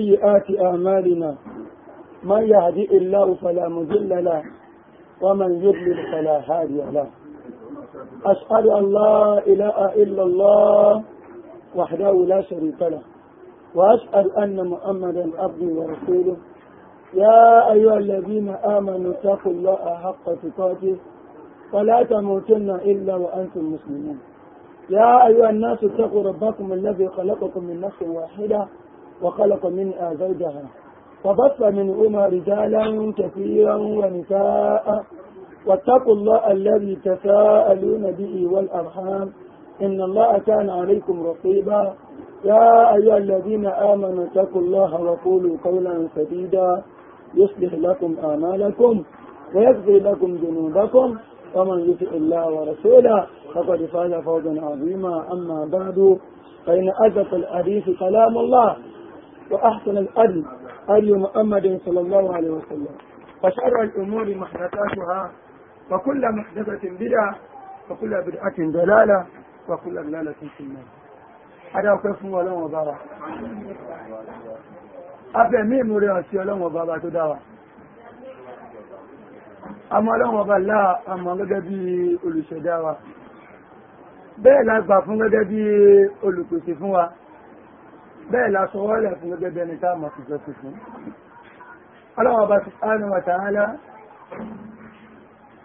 سيئات أعمالنا من يهدئ الله فلا مضل له ومن يضلل فلا هادي له أشهد أن لا إله إلا الله وحده لا شريك له وأشهد أن محمدا عبده ورسوله يا أيها الذين آمنوا اتقوا الله حق تقاته ولا تموتن إلا وأنتم مسلمون يا أيها الناس اتقوا ربكم الذي خلقكم من نفس واحدة وخلق منها زوجها وبث منهما رجالا كثيرا ونساء واتقوا الله الذي تساءلون به والأرحام إن الله كان عليكم رقيبا يا أيها الذين آمنوا اتقوا الله وقولوا قولا سديدا يصلح لكم أعمالكم ويغفر لكم ذنوبكم ومن يطع الله ورسوله فقد فاز فوزا عظيما أما بعد فإن أدق الحديث كلام الله وأحسن الأدب أدب محمد صلى الله عليه وسلم وشر الأمور محدثاتها وكل محدثة بدعة وكل بدعة دلالة وكل دلالة في النار هذا كيف ولا وبارا أفهمي مرياسي ولا وبارا تدارا àmọ́ ọlọ́run ọba láà àmọ́ gẹ́gẹ́ bí olùṣẹ̀dá wa bẹ́ẹ̀ la gbà fún gẹ́gẹ́ bí olùpèsè fún bẹ́ẹ̀ lásọ wọ́lẹ̀ fún gẹ́gẹ́ bẹni tá mọ̀ sí jọ́sí fún ọlọ́wọ́ bá ti sánú wàtàhálà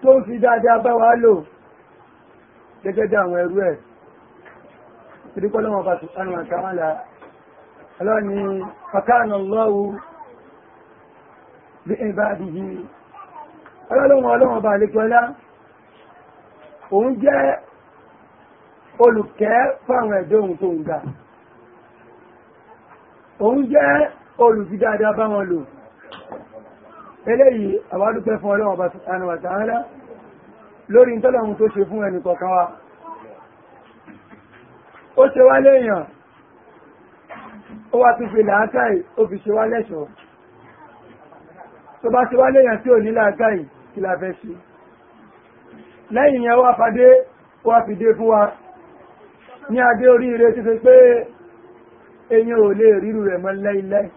tó ń fi dáadáa bá wá lò gẹ́gẹ́ bí àwọn ẹrú ẹ̀ ìdíkọ́ lọ́wọ́ bá ti sánú wàtàhálà ọlọ́ni fàkánà lọ́wọ́ bí ẹ̀bá àdìyí ẹ̀dọ́ òun tó ń ga òun jẹ́ olùfidáadáa bá wọn lò eléyìí àwádúpẹ́ fún ọlọ́wọ̀n bá sùtánà wà tààrà lórí ìtọ́lọ̀hun tó ṣe fún ẹni kọ̀ọ̀kan wa ó ṣe wá léèyàn ó wá tún fi làákàì ó fi ṣe wá lẹ́ṣọ́ tó bá ṣe wá léèyàn tí ò ní làákàì kí la fẹ́ ṣe lẹ́yìn yẹn wá fadé wá fìdé fún wa ní adé oríire ti fi pé èyàn ò lè ríru rẹ̀ mọ́ láíláí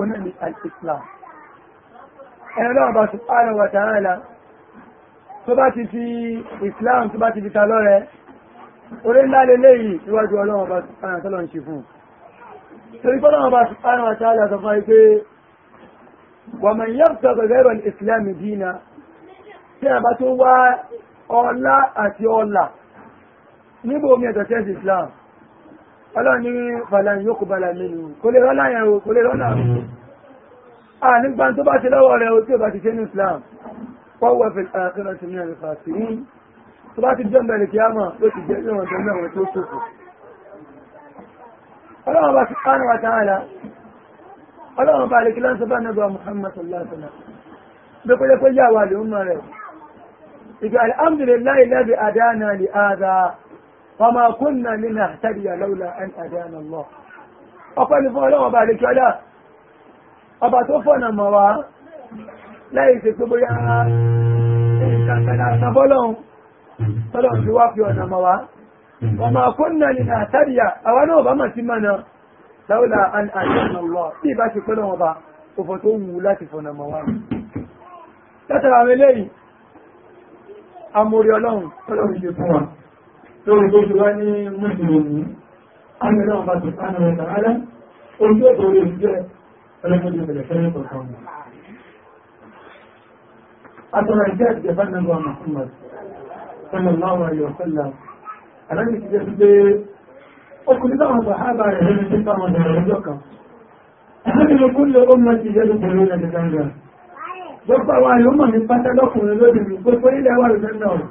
oní ní al-Islam ẹ̀rọ ọba subhanahu wa ta'ala tó bá ti fi Islam tó bá ti fi ta lọ́rẹ̀ orí ńlá lélẹ́ yìí níwájú ọlọ́run ọba subhanahu wa ta'ala ń ṣe fún torí ọlọ́ni fàlàní yóò kò bàlà mẹ́nu kò lè rọ́lá yẹn o kò lè rọ́lá mm-hmm. a nígbà tó bá ti lọ́wọ́ rẹ̀ o tí o bá ti ṣe ní Islam pọ́wọ́ fi àkẹ́rọ̀ ti ní àrífà sí ní tó bá ti jọ́mbẹ̀ lè kíyàmọ̀ ó ti jẹ́ ìwọ̀n mẹ́wọ̀n tó sòfò وما كنا لنهتدي لولا أن أدانا الله أقول فأنا وبارك لا أبا توفنا موا لا يسكتب يا إنسان فلون فلون جواب يونا موا وما كنا لنهتدي أو أنا وبما سمنا لولا أن أدانا الله دي باشي فلون وبا وفتوه لا تفنا موا لا ترى ملي أمور يولون فلون يفوان lórí tó ṣe wá ní mùsùlùmí àmìlẹ́ ọba tó sánà rẹ̀ tààlá ojú ọ̀tọ̀ orí ìjẹ́ ẹlẹ́mọ́jú ìbẹ̀lẹ̀ fẹ́rẹ́ kọ̀ọ̀kan wọn àtọ̀rọ̀ ìjẹ́ ìjẹ̀bá nàgbà Muhammad sallallahu alaihi wasallam alábi ti jẹ́ sí pé ọkùnrin táwọn sàhábà rẹ̀ lórí sí táwọn ọ̀dọ̀rọ̀ ọjọ́ kan ẹ̀sẹ́ni ló kúnlẹ̀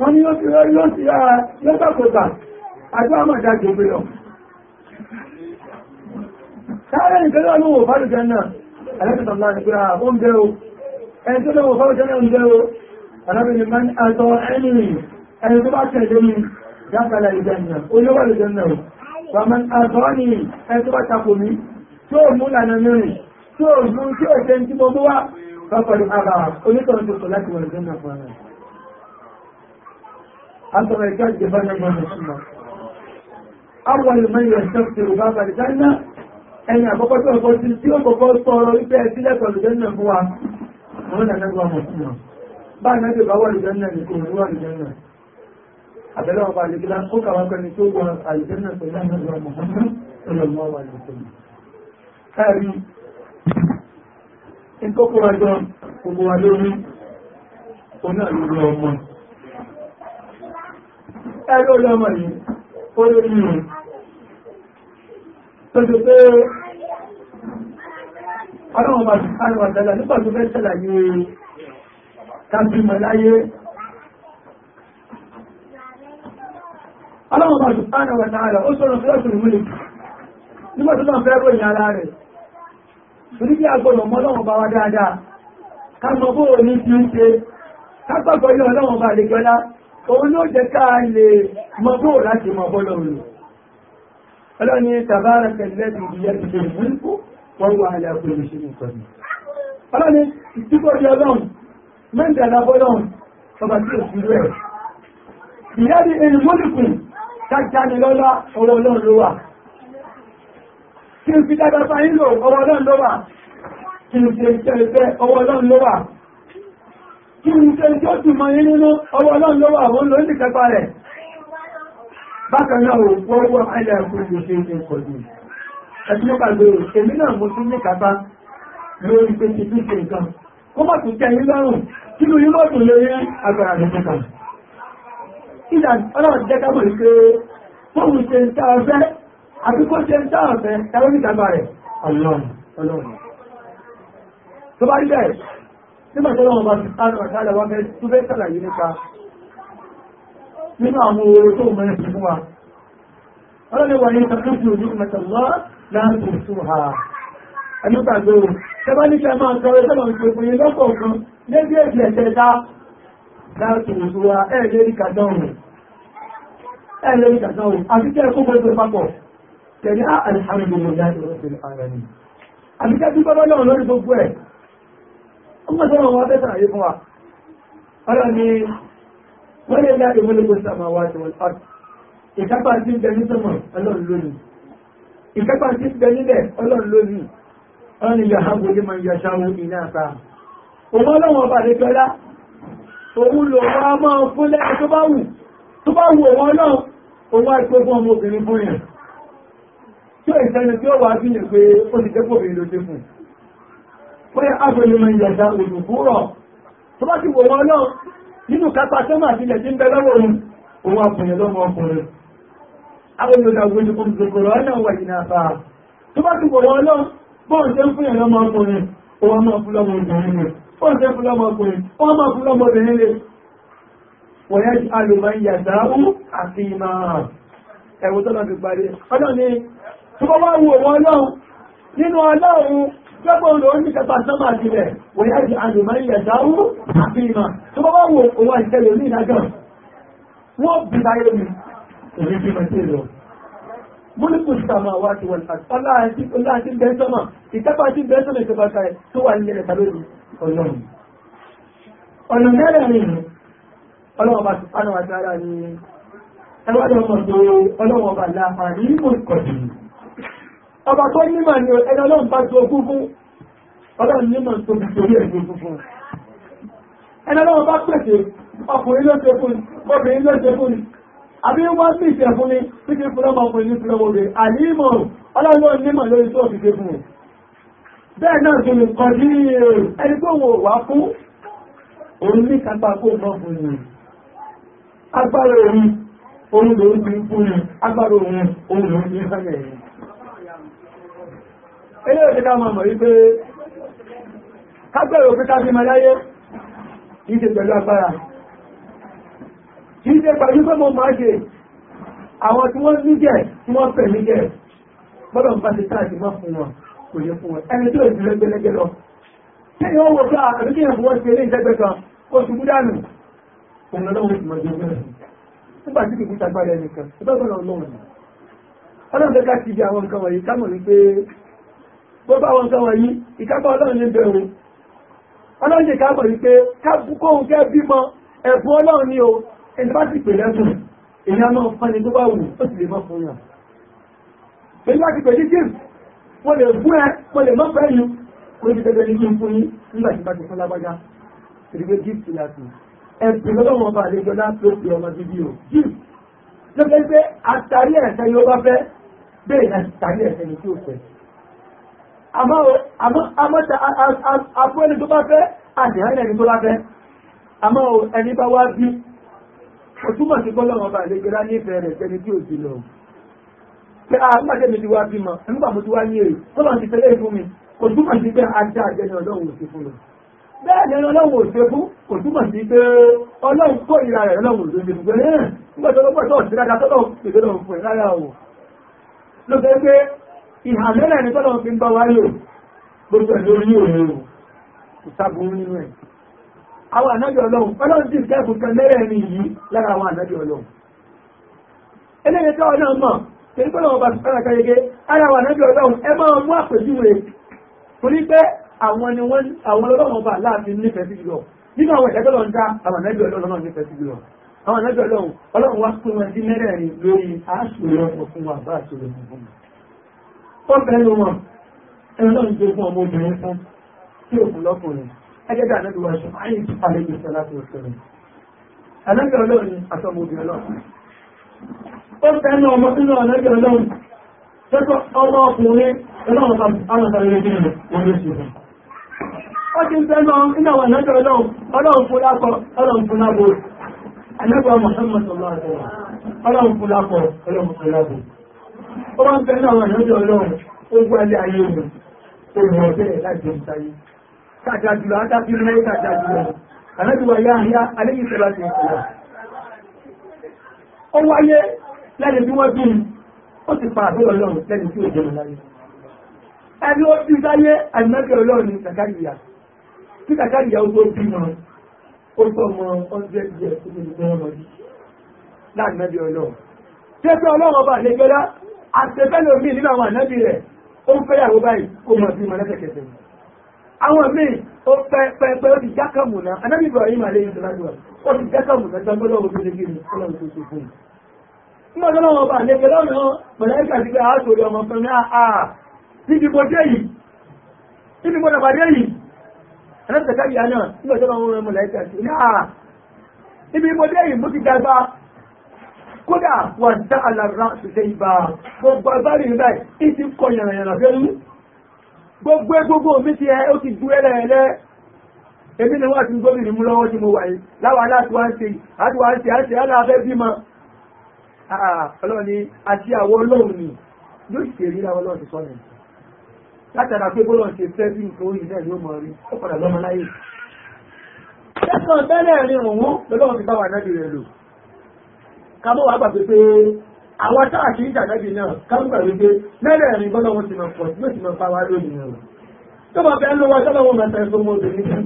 wọ́n ní ó ti rẹ́ yóò ti rárá lọ́sàkóta àjọ àmọ̀já jòbe lọ sáré nìkan lọ́wọ́ lówó fàájẹ́ náà alẹ́kọ̀tà láti pé à ó ń bẹ́ o ẹni tó lówó fàájẹ́ náà ń bẹ́ o alábìnrin máa ń àtọ ẹni ẹni tó bá tẹ̀lé mi dákàlà tí ó mú lànà ó mú tí mo mú wá fàkọ̀lù àbà onítọ̀ ń láti wà ìjẹ́nà fún ara أنظر الرجال جبانا من السماء أول من يستغفر باب الجنة ẹni àkọ́kọ́ tó ọkọ̀ sí tí ó kọ́kọ́ sọ̀rọ̀ wípé ẹ sílẹ̀ pẹ̀lú jẹ́nà fún wa wọ́n nà nẹ́gbà mọ̀ sí wọn bá nẹ́gbà bá wà lè jẹ́nà nìkan ní wà lè jẹ́nà àbẹ̀lẹ̀ ọba àlejìlá ó kàwá pẹ̀lú tó wọ àlejẹ́nà pẹ̀lú àmọ́gbà mọ̀hánmọ́ ọlọ́mọ wà lè jẹ́nà káàrí ìkókó wa jọ gbogbo wa lórí onáà ẹ̀rọ ọlọ́mọ yìí ó lè rí rùn tó ṣe pé ọlọ́run bá ṣùgbọ́n wà dáadáa nípa tó fẹ́ ṣàlàyé kábímọ̀ láyé ọlọ́run bá ṣùgbọ́n wà dáadáa ó sọ̀rọ̀ fẹ́lọ́sùn ìmúlẹ̀ nígbà tó náà fẹ́ ní ti ń ṣe ká gbàgbọ́ ilé ọlọ́run bá lè gbọ́lá òun ló jẹ ká lè mọ́bọ̀ láti mọ̀ bọ́lọ̀ rẹ̀. ọlọ́ni tàbára tẹ̀lẹ́bì ìyẹ́ ti lè múlùkú wọ́n wà aláàkùn ìṣẹ́ nìkan. ọlọ́ni ìtíkọ̀rí ọlọ́run mẹ́ndàlá bọ́lọ́run ọba tí ó ṣúrú ẹ̀. ìyá ni èrì múlùkù kájáni lọ́lá ọwọ́ ọlọ́run ló wà. kí n fi dágbà fáyín lò ọwọ́ ọlọ́run ló wà. kí n fi ẹ̀ṣẹ́ ọwọ́ ọlọ́run ló wà kí ni ṣe tí ó ti mọ yín nínú ọwọ́ ọlọ́run lọ́wọ́ àwọn ló ní kẹpa rẹ̀ bákan náà ò gbọ́wọ́ àìlẹ̀ ìgbòho ṣe ń pọ̀ jù ẹ̀sùn nípa gbèrò èmi náà mo tún ní kàtà lórí pé ti dúkìá nǹkan kó má tún kẹyìn lọ́rùn kí ló yín lọ́dún lórí agbára rẹ̀ nípa ìdá ọlọ́run jẹ́ ká mọ̀ pé fóònù ṣe ń tá ọ̀fẹ́ àti kó ṣe ń tá ọ̀fẹ́ ẹ̀rọ ní ìjàmbá rẹ̀ ọlọ́run ọlọ́run tó bá rí bẹ́ẹ̀ nígbà tó lọ́wọ́ bá ti sáré ọ̀tálà wá fẹ́ tó fẹ́ sàlàyé nípa nínú àwọn oore tó mẹ́rin fún wa ọlọ́lẹ̀ wà ní ìtàkùnkù ní ìmọ̀tàlá láàrín òṣù ha ẹnúgbàgbé o tẹ́bá ní kẹ́ máa tọrọ sábà ń pèpè yín lọ́pọ̀ kan lébí èdè ẹ̀tẹ́ta láàrín òṣù ha ah, ẹ̀ lérí kàdánwò ẹ̀ lérí kàdánwò àti kẹ́ kó gbogbo papọ̀ tẹ̀lé amma zama wa ta tare kuma ara ne wani ya da mulkin samawa da wal ard ìkápá sí ìdẹni sọmọ Ọlọ́run lónìí ìkápá sí ìdẹni lẹ Ọlọ́run lónìí Ọlọ́run ilẹ̀ ààbò lè máa yà ṣáwó iná àta òun Ọlọ́run ọba lè tọ́lá òun lò wọ́n a máa fún lẹ́yìn tó bá wù tó bá wù òun Ọlọ́run òun wá ìpé fún ọmọbìnrin fún yẹn tí ó ìsẹ́ni tí ó wà á fi pé ó ti jẹ́ pòbìnrin ló dé fún pé ábẹ̀lẹ̀ mọ̀ ìyàṣà òdùkúrọ̀ tó bá ti wò wọn náà nínú kápá sọ́mà sílẹ̀ tí ń bẹ lọ́wọ́ òun òun àpùnyẹ̀ lọ́mọ ọkùnrin abẹ́lẹ̀dà òdùkú ìgbòkòrò ọ̀nà wà ìnà àfà tó bá ti wò wọn náà bọ́ọ̀n tẹ́ ń fún ìyàlọ́mọ ọkùnrin òun máa fún lọ́mọ obìnrin ni bọ́ọ̀n tẹ́ fún lọ́mọ ọkùnrin òun máa fún lọ́mọ obìnrin ni wọ́n yẹ́ alùmọ̀ ìyàṣà ó àti ìmọ̀ ẹ̀wọ̀ tó lọ́ fi parí ọlọ́ni tó bá wá wò wọn náà nínú ọlọ́run Gbogbo olórin ní kẹta sọ́mà sílẹ̀, wọ́n yá di àlùmọ́ ilẹ̀ dáwó àfihàn tó bá wọ́n wo owó ìṣẹ̀lẹ̀ ní ìdájọ́. Wọ́n bí láyé mi, òní bí mọ̀ sí lọ. Múlùkù sàmà wá ti wọ̀n àti ọlá àti bẹ́ẹ̀ sọ́mà, ìkápá àti bẹ́ẹ̀ sọ́mà ìjọba ká ẹ̀ tó wà nílẹ̀ tàbí ọlọ́run. Ọ̀nà mẹ́rẹ̀ẹ̀rin ọlọ́run bá ti pánà wá sára ni ẹwà lọ́mọ̀ tó ọlọ́run bá láàárín mọ̀ kọ̀dùn ọba tó nímọ̀ ni ẹni ọlọ́run bá ju ogún fún ọlọ́run nímọ̀ tó ti torí ẹ̀gbọ́n fún ẹni ọlọ́run bá pèsè ọkùnrin ló ṣe fún obìnrin ló ṣe fún àbí wọ́n sì ṣe fún ni títí fún ọmọ ọkùnrin ní fúnlọ́mọ obìnrin àníìmọ̀ ọlọ́run nímọ̀ lórí tó fi ṣe fún un bẹ́ẹ̀ náà tó lè kọ́ sí ẹni tó wò wá fún òun ní kápá kó mọ́ fún un agbára òun òun lòun ti ń fún un agbára òun òun lòun ti ń hàn ẹ̀yìn eléyìí ti ká máa mọ̀ wípé kágbẹ̀rẹ̀ òfin káfí máa láyé kìí ṣe pẹ̀lú agbára kìí ṣe pẹ̀lú pé mo máa ṣe àwọn tí wọ́n ní jẹ́ tí wọ́n pẹ̀ ní jẹ́ gbọ́dọ̀ ń pàṣẹ táàkì má fún wọn kò yẹ fún wọn ẹni tó lè ti lẹ́gbẹ́lẹ́gbẹ́ lọ kí ni wọ́n wọ pé àbí kí ni wọ́n ṣe ilé ìjẹ́gbẹ́ kan ó ṣubú dànù òun lọ́wọ́ ti mọ̀ jẹ́ bẹ́ẹ̀ nígbà tí kìí ṣagbára ẹnìkan ìbẹ́gbẹ́ lọ́wọ́ lọ́wọ́ ọlọ́run fẹ́ ká ti di àwọn nǹkan wọ̀nyí ká mọ̀ wípé gbogbo àwọn nǹkan wọ̀nyí ìkápá ọlọ́run ní bẹ̀rù ọlọ́run ní káàmọ̀ wípé káàkóhun kẹ́ bímọ ẹ̀bùn ọlọ́run ní o ẹni bá ti pè lẹ́bùn èyí a máa fani tó bá wù ó sì lè mọ́ fún yàn pẹ̀lú láti pè ní james wọ́n lè fún ẹ wọ́n lè mọ́ fẹ́ yìí kò ní tẹ́tẹ́ ní kí n fún yín nígbà tí bá ti fún lágbájá ìdígbé gift láti ẹ̀sìn lọ́wọ́ ọba àlejò láti ó pè ọmọ bíbí o gift lọ́pẹ́ pé àtàrí ẹ̀sẹ̀ ni ó bá fẹ́ bẹ́ẹ̀ ni àtàrí ẹ̀sẹ̀ ni tí ó fẹ́ àmọ́ta àfún ẹni tó bá fẹ́ àdìhán ẹni tó bá fẹ́ àmọ́ ẹni bá wá bí o túmọ̀ sí gbọ́lọ́wọ́ bá lè gbẹ́lá ní ìfẹ́ rẹ̀ tẹni tí ò sí lọ pé a pàṣẹ mi ti wá bí mọ nígbà mo ti wá ní èrè tó lọ sí tẹ́lẹ̀ fún mi kò túmọ̀ sí pé ajá àjẹni ọlọ́run ò sí fún mi bẹ́ẹ̀ ni ọlọ́run ò ṣe fún kò túmọ̀ sí pé ọlọ́run kó ìra rẹ̀ ọlọ́run ò ṣe fún pé nígbà tó lọ́pọ̀ ìhàlẹ́lẹ̀ ní tọ́lọ̀ fi ń bá wá lò gbogbo ẹ̀lú orí òun ìsàbùn nínú ẹ̀ àwọn ànábì ọlọ́run ọlọ́run sì kẹ́kùn kan lẹ́rẹ̀ ní yìí lára àwọn ànábì ọlọ́run eléyìí tọ́wọ́ náà mọ̀ tẹ́lú pẹ́lú ọba sùpẹ́lá kẹ́yẹgẹ́ ara àwọn ànábì ọlọ́run ẹ máa mú àpèjúwe torí pé àwọn ni wọ́n àwọn ọlọ́run ọba láàfin nífẹ̀ẹ́ sí jùlọ nínú àwọn ìṣẹ́jọ́ lọ́n dá àwọn ànábì ọlọ́run nífẹ̀ẹ́ sí jùlọ àwọn ànábì ọlọ́run ọlọ́run wá pín wọn sí mẹ́rẹ̀ẹ̀rin lórí àásùrẹ́ ọkùnrin àbá àṣùrẹ́ ọkùnrin ó bẹ̀rẹ̀ ló mọ̀ náà ń gbé fún ọmọ obìnrin fún tí òkú lọ́kùnrin ẹgẹ́ bí ànábì wáṣọ ayé ti parẹ́ ju sọlá tó sọ̀rọ̀ ànábì ọlọ́run àtọmọ obìnrin ọlọ́run ó bẹ̀rẹ̀ ọmọ sínú ànábì ọlọ́run tẹ́kọ̀ ọmọ ọkùnrin ọlọ́run àwọn sáré rẹ̀ nínú orí ṣùgbọ́n ó ti ń bẹ̀rẹ̀ nínú àwọn ànábì ọlọ́run ọlọ́run fún lákọ ọlọ́run fún lábo ànábì ọmọ sọ́mọ sọ́mọ àtọwà ọlọ́run fún lákọ ọlọ́run fún lábo ó wá ń bẹ náà wọn lọ́jọ́ ọlọ́run ó gbálé ayé òun ó yọ bẹ́ẹ̀ láti ń sáyé kàjàjùlọ adájúlọ láyé kàjàjùlọ àlájúwà yá àyá aléyìn sẹ́lá ti ìṣẹ̀lá ó wáyé lẹ́ni tí wọ́n bí ó ti pa àbúrò ọlọ́run lẹ́ni tí ó jẹun láyé ẹni ó bí láyé àìmọ́kẹ́ ọlọ́run ní kàkàríyà tí kàkàríyà ó tó bímọ ó tọ́ mọ ọ́njẹ́ jẹ́ tó ti gbọ́n lọ láàrin mẹ́bí ọlọ́run tí ó fẹ́ ọlọ́run ọba àlejọ́lá àtẹ̀fẹ́lò míì nínú àwọn ànábì rẹ̀ ó ń fẹ́yàwó báyìí kó mọ̀ sí mọ̀lẹ́kẹ̀kẹ̀sẹ̀ àwọn míì ó pẹ́ pẹ́ pẹ́ ó ti jákàmù náà ànábì Ibrahim alẹ́ yìí sọ́lájú ó ti jákàmù náà jẹ́ gbọ́dọ̀ òbí lẹ́gbẹ̀ẹ́ ní ọlọ́run tó ṣe fún un. nígbà tó lọ́wọ́ bá lẹ́gbẹ̀ẹ́ lọ́nà mọ̀lẹ́kà ti gbé àásòrí ọmọ fún mi àà níbi mo dé yìí níbi mo dàgbà dé yìí ànábì kàkà yìí àná nígbà tó lọ́wọ́ mọ̀lẹ́kà ti ní àà níbi mo dé yìí mo ti dàgbà kódà wọ́n dá àlàrà ṣùṣe ibà gbogbo agbárí ìrìnlẹ̀ ìtì kọ yànràyànrà fẹ́ rú gbogbo gbogbo mi ti ẹ ó ti ju ẹlẹ́ẹ̀lẹ́ èmi ni wọ́n ti gómìnà mú lọ́wọ́ tí mo wà yìí láwa láti wá ń ṣe àti wá ń ṣe àti aláfẹ́ bímọ ọlọ́ni àti àwọn ọlọ́run ni yóò ṣe rí láwọn ọlọ́run ti sọ nìyẹn látara pé bọ́lọ̀ ṣe fẹ́ bí nǹkan orí náà yóò mọ̀ rí ó padà lọ́mọ láyé. ṣẹ́kàn bẹ́lẹ̀ rí òun lọ́lọ́run ti bá wà náà kábọ̀ wà gbàgbé pé àwọn táà kì í jàdájì náà kábọ̀ gbàgbé pé mẹ́rẹ̀ẹ̀rin bọ́lọ́ wọn ti mọ̀ pọ̀ tí ó ti mọ̀ pa wá lónìí náà tó mọ̀ fẹ́ ló wá sọ́lọ́ wọn mẹ́ta ẹ̀fọ́ mọ́ obìnrin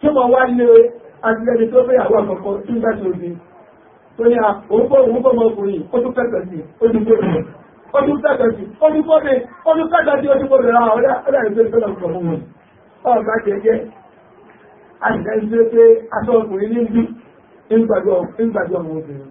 tí mo wá lé adìyẹni tó fẹ́ àwọn àkọ́kọ́ tí ń bẹ́sẹ̀ òbí tó ní à òun kọ́ òun kọ́ ọmọkùnrin ó tún pẹ́pẹ́ sí ó tún gbé rẹ̀ ó tún pẹ́pẹ́ sí ó tún kọ́ni ó tún pẹ́pẹ́ sí ó tún gbé rẹ̀ ọ̀dà ọ̀dà ìgbé sọ́lọ́ pọ̀ fún wọn. ọ̀gá jẹjẹ àṣìṣe ń gbé pé aṣọ ọkùnrin ní ń bí ń ọmọ obìnrin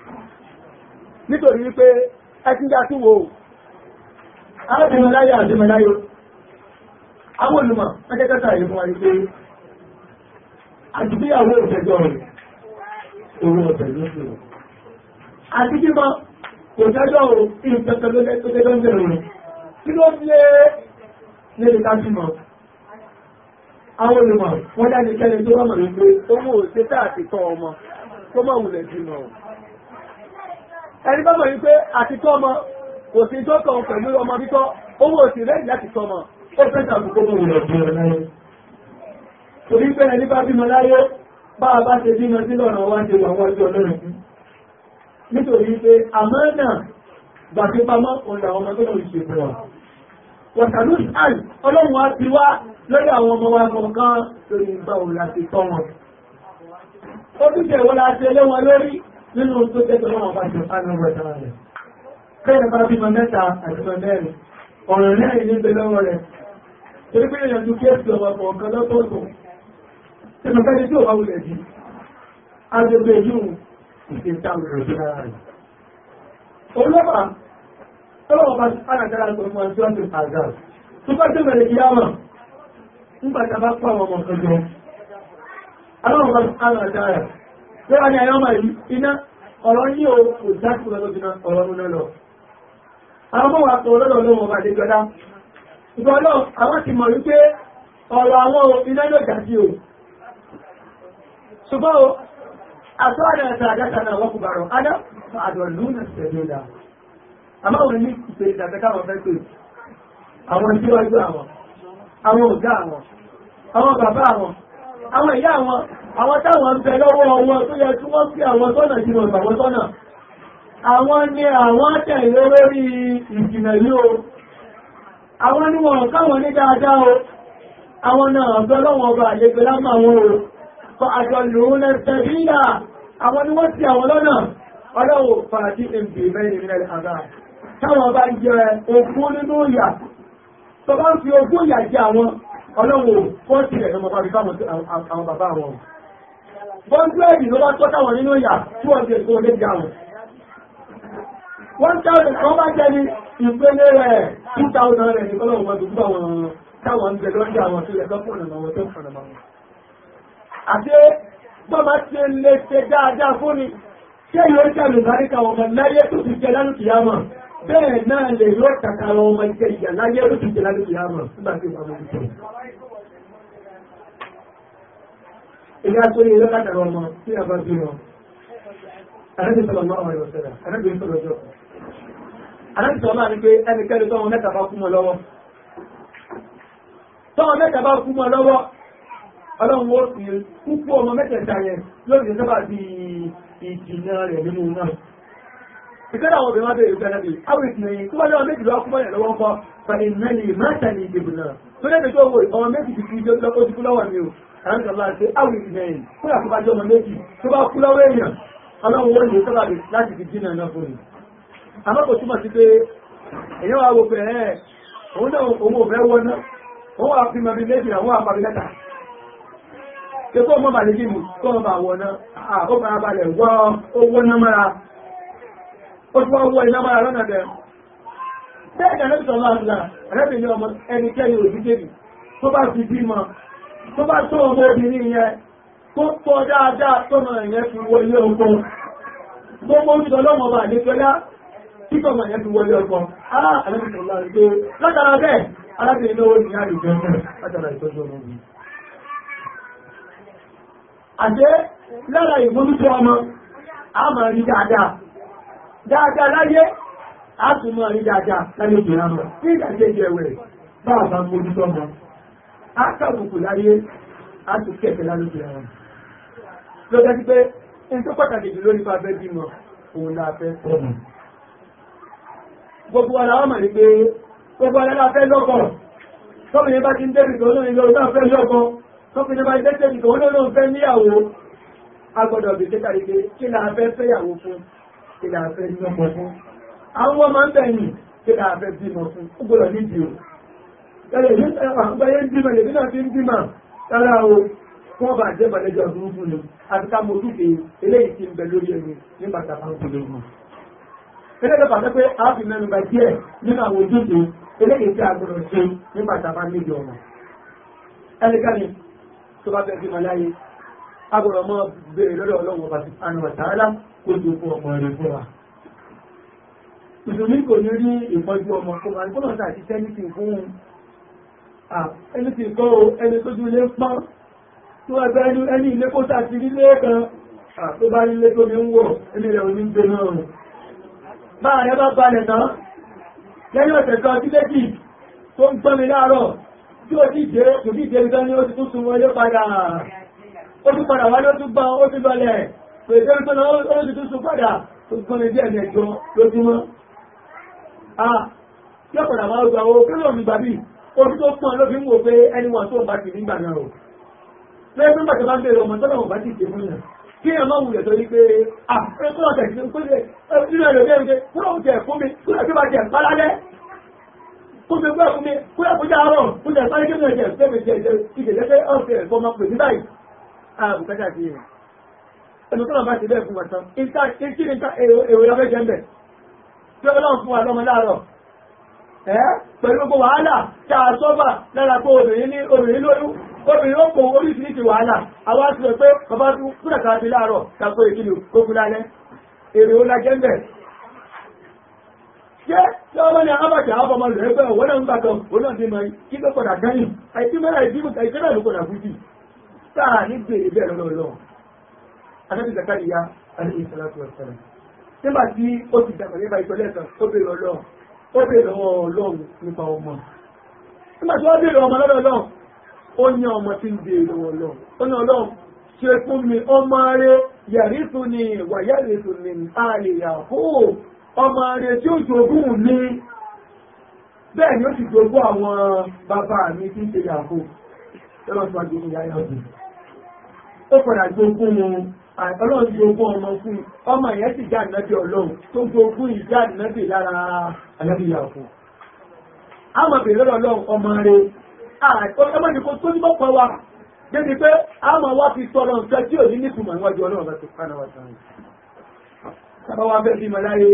nítorí wípé ẹkíńdá tí wo arábìnrinláyà àdémẹ́láyò àwọn olùmọ̀ àwọn olùmọ̀ wọ́n dá ní kẹ́lẹ̀ tó rọ́mọ̀ wípé owó òṣèṣẹ́ àti tọ́ ọmọ tó mọ̀ wùlẹ̀ jùmọ̀ ẹni bá mọ̀ yí pé àti tọ́ ọmọ kò sí tó kàn pẹ̀lú ọmọ títọ́ owó òsì rẹ̀ láti tọ́ ọmọ ó fẹ́ tàbùkú mọ̀ wùlọ̀ bí ọ̀rẹ́ láyé torí pé ẹni bá bímọ láyé bá a bá ṣe bímọ sí lọ́nà wá ṣe wọ̀n wájú ọlọ́run nítorí pé àmọ́ náà gbàgbépamọ́ òun làwọn ọmọ tó lọ́wọ́ ṣe fún wa wọ̀tàlú àì ọlọ́run wa ti wá lórí àwọn ọmọ wa kọ̀ọ̀kan lórí ìgbà òun láti tọ́ wọn ó tún tẹ̀ wọ́n láti ẹlẹ́wọ̀n lórí nínú tó tẹ́tọ́ lọ́wọ́ bá jù ánà wọ̀ tàà rẹ̀. Kẹ́yìn bá bímọ mẹ́ta àti mọ mẹ́rin, ọ̀rọ̀ lẹ́yìn ní bẹ lọ́wọ́ rẹ̀. Torí pé èèyàn ju kéèsì ọwọ́ kọ̀ọ̀kan lọ́tọ̀ọ̀tọ̀. Ṣé mo fẹ́ tí ò bá wulẹ̀ jù? Agbègbè yìí ìṣe táwọn èrò sí lára rẹ̀. Olọ́pàá, tọ́lọ́wọ́ bá ánàdára pẹ̀lú ọmọ ẹjọ́ ti àgà. Tó bá tẹ́ mẹ́rin kíyámà, nígbà tá a bá pọ̀ àwọn ọmọ kan jọ. lọ́wọ́ ni àyọ́mà yìí iná ọ̀rọ̀ ní o kò dákù lọ́dọ́dúnà ọ̀rọ̀ múná lọ àwọn ọmọ wa lọ́dọ̀ lọ́wọ́ àwọn ti mọ̀ wípé ọ̀rọ̀ o ṣùgbọ́n o àtọ́ àdá ẹ̀sẹ̀ àdáta náà adá àmọ́ òun ní ìpè ìdàgbẹ́ káwọn fẹ́ pè àwọn àwọn àwọn ọ̀gá àwọn ìyá wọn àwọn táwọn ń bẹ lọ́wọ́ wọn tó yẹ tí wọ́n fi àwọn tọ́nà jìnà ìgbàwọ́ tọ́nà àwọn ni àwọn tẹ̀lé lórí ìjìnà yìí o àwọn ni wọn káwọn ní dáadáa o àwọn náà bẹ lọ́wọ́ ọba àlejò lámà wọn o fa àjọ lòun lẹ tẹ̀lé àwọn ni wọ́n ti àwọn lọ́nà ọlọ́wọ́ fàájì mb mẹ́rin mẹ́rin àgbà táwọn bá jẹ ogún nínú ìyà tó bá ń fi ogún ìyà jẹ àwọn ọlọ́wọ̀ fọ́ọ̀tì rẹ̀ lọ́mọ bàbá àwọn bàbá wọn bọ́ńdúẹ̀dì ló bá tọ́ta wọn nínú ìyà tí wọ́n ti èso lé jàun wọ́n tẹ́lẹ̀ kan bá jẹ́ ní ìpele rẹ̀ 2000 rẹ̀ ní ọlọ́wọ̀ wọn dùgbà wọn táwọn ń bẹ lọ́dí àwọn tó yẹ lọ́kùnrin àwọn tó ń fọ̀nà wọn àti bọ́mà ti lè ṣe dáadáa fún ni ṣé yóò jẹ́ lùbáríkà ọmọ láyé tó ti jẹ lálùkìyà mọ̀ bẹ́ẹ̀ náà lè yóò kàkàrà ọmọ ìjẹ ìyà láyé tó ti jẹ lálùkìyà mọ̀ nígbà tí wọ́n mọ̀ ìyá tó yẹ lọ́kàtà ọmọ tí a bá bí wọn. Àrẹ́bí sọ̀rọ̀ máa wọ̀nyí ọ̀sẹ̀dá, àrẹ́bí sọ̀rọ̀ jọ. Àrẹ́bí sọ̀rọ̀ máa ní pé ẹnikẹ́ni tọ́wọn mẹ́ta bá kú mọ́ lọ́wọ́. Tọ́wọn mẹ́ta bá kú ọlọ́run ó fi púpọ̀ ọmọ mẹ́tẹ̀ẹ̀ta yẹn lórí ìṣẹ́ sábà di ìjìnà rẹ̀ nínú náà. Ìkẹ́lẹ̀ àwọn obìnrin wá bèèrè pé ẹnẹ́bí, àwọn ìsìnlẹ̀ tó bá lọ́wọ́ méjì lọ́wọ́ kúmọ̀ yẹn lọ́wọ́ kọ́, pẹ̀lú mẹ́lì mẹ́tẹ̀ẹ̀lì ìdìbò náà. Tó lẹ́bi tó wo ọmọ méjì ti fi lọ́wọ́ mi àrẹ́gbẹ̀lá ṣe áwì ìgbẹ̀yìn fún àkọ́bájọ́ ọmọ méjì tó bá kú lọ́wọ́ èèyàn ọlọ́run wọ́n lè láti fi jìnà náà fún mi àmọ́ túmọ̀ sí pé èèyàn wá wo ẹ̀ òun náà òun ò fẹ́ wọná òun wà fi mọ bí méjì àwọn àpapọ̀ lẹ́tà pé kó mọ́ bà lè dìbò kó mọ́ bà wọná ó fara balẹ̀ wọ́ mára ó tún wọ́n wọ́ iná mára lọ́nà ẹ̀rẹ́bìnrin ọmọ ẹnikẹ́ni tó bá tó ọmọ obìnrin yẹn tó pọ̀ dáadáa tọ́mọ yẹn fi wọlé ọkọ tó mọ́ oúnjẹ ọlọ́mọ bá àdékọ́lá tí tọ́mọ yẹn fi wọlé ọkọ látara bẹ́ẹ̀ arábìnrin lówó ní àrùjọ náà látara ìtọ́jú ọmọ mi àṣẹ lára ọmọ ọmọ á kàbùkù láyé á tún kẹ̀kẹ́ lálùkù ẹ̀wọ̀n ló dájú pé ní tó pàtàkì jù lórí fa abẹ́ bímọ òun la fẹ́ sọ́nù mm. gbogbo wa làwọn mọ̀ ní pé gbogbo wa lọ́la fẹ́ lọ́kọ̀ tọ́bìnrin bá ti ń débì tó lórí lórí náà fẹ́ lọ́kọ̀ tọ́bìnrin bá ti débì tó lórí lórí fẹ́ níyàwó agbọ́dọ̀ bèèrè tàbí pé kí la fẹ́ fẹ́yàwó fún kí la fẹ́ lọ́kọ̀ fún àwọn ọmọ ń bẹ̀yìn kí la fẹ́ bímọ fún ó gbọ́dọ̀ nídìí àgbáyé ń bímọ lèmi náà fi ń bímọ rárá o kí wọ́n bá jẹ́ mọ̀lẹ́jọ́ burúkú ni àti ká mo dúpẹ́ eléyìí ti ń bẹ lórí ẹni nígbà tá a bá ń kú lóru. eléyìí pàṣẹ pé a fi mẹ́nu bà díẹ̀ nínú àwọn ojúṣe eléyìí tí a gbọdọ̀ ṣe nígbà tá a bá níbi ọ̀nà. ẹnikẹ́ni tó bá fẹ́ bímọ láyé a gbọdọ̀ mọ béèrè lọ́dọ̀ ọlọ́wọ́ bàtí àwọn ọ̀tàrà kó ju fún ọmọ rẹ̀ fún wa. ìdùnnú kò ẹni tí kọ́ o ẹni tó ju ilé ń pán tó ẹgbẹ́ ẹni ilé kó sàti nílé kan tó bá nílé tó ní ń wọ̀ ẹni rẹ̀ ò ní ń gbé náà rùn bá rẹ̀ bá balẹ̀ tán lẹ́yìn ọ̀sẹ̀ kan sí méjì tó ń gbọ́n mi láàárọ̀ tí ó ti dé kò sí ìdérí tán ni ó ti tún sun wọlé padà ó tún padà wá ló tún gbá ó ti lọlẹ̀ pé ìdérí tán ó ti tún sun padà tó gbọ́n mi díẹ̀ mẹ́jọ lójúmọ́ yóò padà wá gba owó kí lóòrùn gbàbí ojú tó pọ̀ ló fi ń wò pé ẹni wọn tó bá ti nígbà náà o lẹ́yìn tó bàtà bá ń bèrè ọmọ tó náà bá ti ṣe fún yàn kí ẹ má wulẹ̀ tó yí pé àfikún ọ̀tẹ̀ ti ń pè é nínú ẹ̀rọ bí ẹni pé kúrò ó jẹ fún mi kúrò tó bá jẹ pálálẹ́ kó fi gbọ́ fún mi kúrò kó jẹ àárọ̀ kó jẹ sáré kí wọ́n jẹ fẹ́ mi jẹ ìjẹ lẹ́fẹ́ ọ̀sẹ̀ ẹ̀fọ́ ọmọ pè ní báyìí àbùkátà ti yẹn ẹnu tó náà bá ti bẹ́ẹ̀ fún wa tán ìṣ pẹ̀lú gbogbo wàhálà tí a sọ́bà lára pé obìnrin ní obìnrin lóyún obìnrin ó kò oríṣiríṣi wàhálà àwọn àti pé bàbá tún kúrẹ̀ ká fi láàárọ̀ kàkó ìkìlù gbogbo lálẹ́ èrè ó lájẹ́ mẹ́ ṣé tí ọmọ ní abàtì àwọn rẹ̀ pé òun náà ń kan nígbà tí ó ti dàgbà ọlọ́run ó bèèrè lọ́wọ́ ọlọ́run nípa ọmọ nígbà tí wọ́n bèèrè ọmọ lọ́dọ̀ ọlọ́run ó ní ọmọ tí ń bèèrè lọ́wọ́ ọlọ́run ó ní ọlọ́run ṣe fún mi ọmọ rẹ yàrí tún ni wà yàrí tún ni àlè yàhó ọmọ rẹ tí ó jogún ní bẹ́ẹ̀ ni ó sì jogún àwọn bàbá mi tí ń ṣe yàhó lọ́wọ́ tí ọlọ́run ti ogún ọmọ fún ọmọ yẹn ọlọ́run tó gbogbo lára àwọn ọmọ rẹ̀ ọmọ nìkan tó ní mọ́pọ̀ wa débi pé àwọn wa fi tí ò ní níwájú ọlọ́run bá ti sàn. sábà wa láyé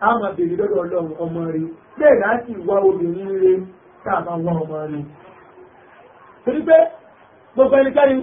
àwọn ọlọ́run ọmọ rẹ̀ bẹ́ẹ̀ láti wá obìnrin rẹ̀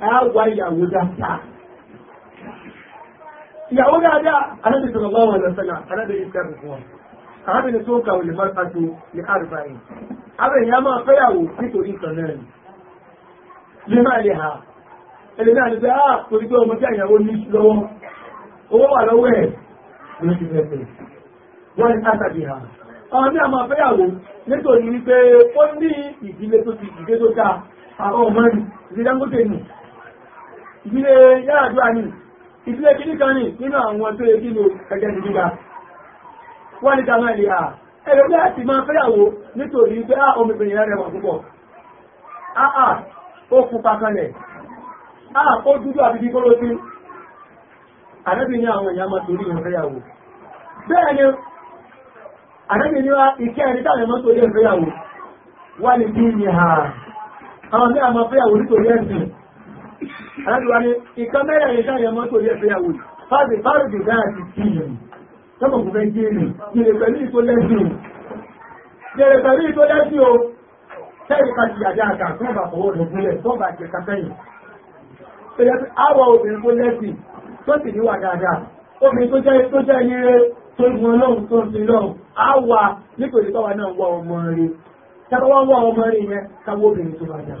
àwa ìyàwó dáadáa ìyàwó dáadáa anábì sọ̀rọ̀ lọ́wọ́ ọ̀lọ́sẹ̀lá anábì ìfẹ́rù fún ọ anábì ní tó kàwé lè má pàtó ní àrùbáyìn abẹ́ ìyá máa fẹ́yàwó nítorí nǹkan náà lè má lè ha ẹlẹ́ náà ni pé á ah, torí pé ọmọ tí àyàwó ní lọ́wọ́ owó wà lọ́wọ́ ẹ̀ ló ti fẹ́ fẹ́ wọ́n ní ha ọmọ fẹ́yàwó nítorí wípé ó ní ìdílé tó ti ìdílé tó àwọn ọmọ ní ìdílé Dangote nù ìdílé yáàdúrà ní ìdílé kìíní kan ní nínú àwọn tó yẹ kí ló ẹgbẹ́ ti gíga wọ́n ní tàbí ẹ̀lì à ẹ̀rọ bí a ti máa fẹ́yàwó nítorí pé a ọmọbìnrin rẹ̀ wà púpọ̀ áà ó pupa kanlẹ̀ áà ó dúdú àbíbí kóró sí àdẹ́bì ní àwọn èèyàn máa torí fẹ́yàwó bẹ́ẹ̀ ni ní ìkẹ́ ẹni táwọn èèyàn torí fẹ́yàwó bí ní ha a máa aláàdùwà ni ìkan mẹ́rẹ̀ ẹ̀ṣẹ́ àyẹ̀mọ́ tó yẹ fẹ́ yàwó fáàbì fáàbì dáa ti kí yẹn tọ́mọ̀ kò fẹ́ gé èrè gèrè pẹ̀lú ìtò lẹ́sìn o gèrè pẹ̀lú ìtò lẹ́sìn o tẹ́rì ká ti yàjá àgà tó bà fọwọ́ rẹ̀ gúnlẹ̀ tó bà jẹ kakẹ́yìn tó yẹ pé àwọ̀ obìnrin tó lẹ́sìn tó sì níwà dáadáa obìnrin tó jẹ́ tó jẹ́ yẹrẹ tó mọ lọ́hùn tó ń sin lọ́hùn á wà nítorí báwa náà wọ ọmọ rẹ̀ tábà wá wọ ọmọ rẹ̀ yẹn káwọ́ obìnrin tó bá dáa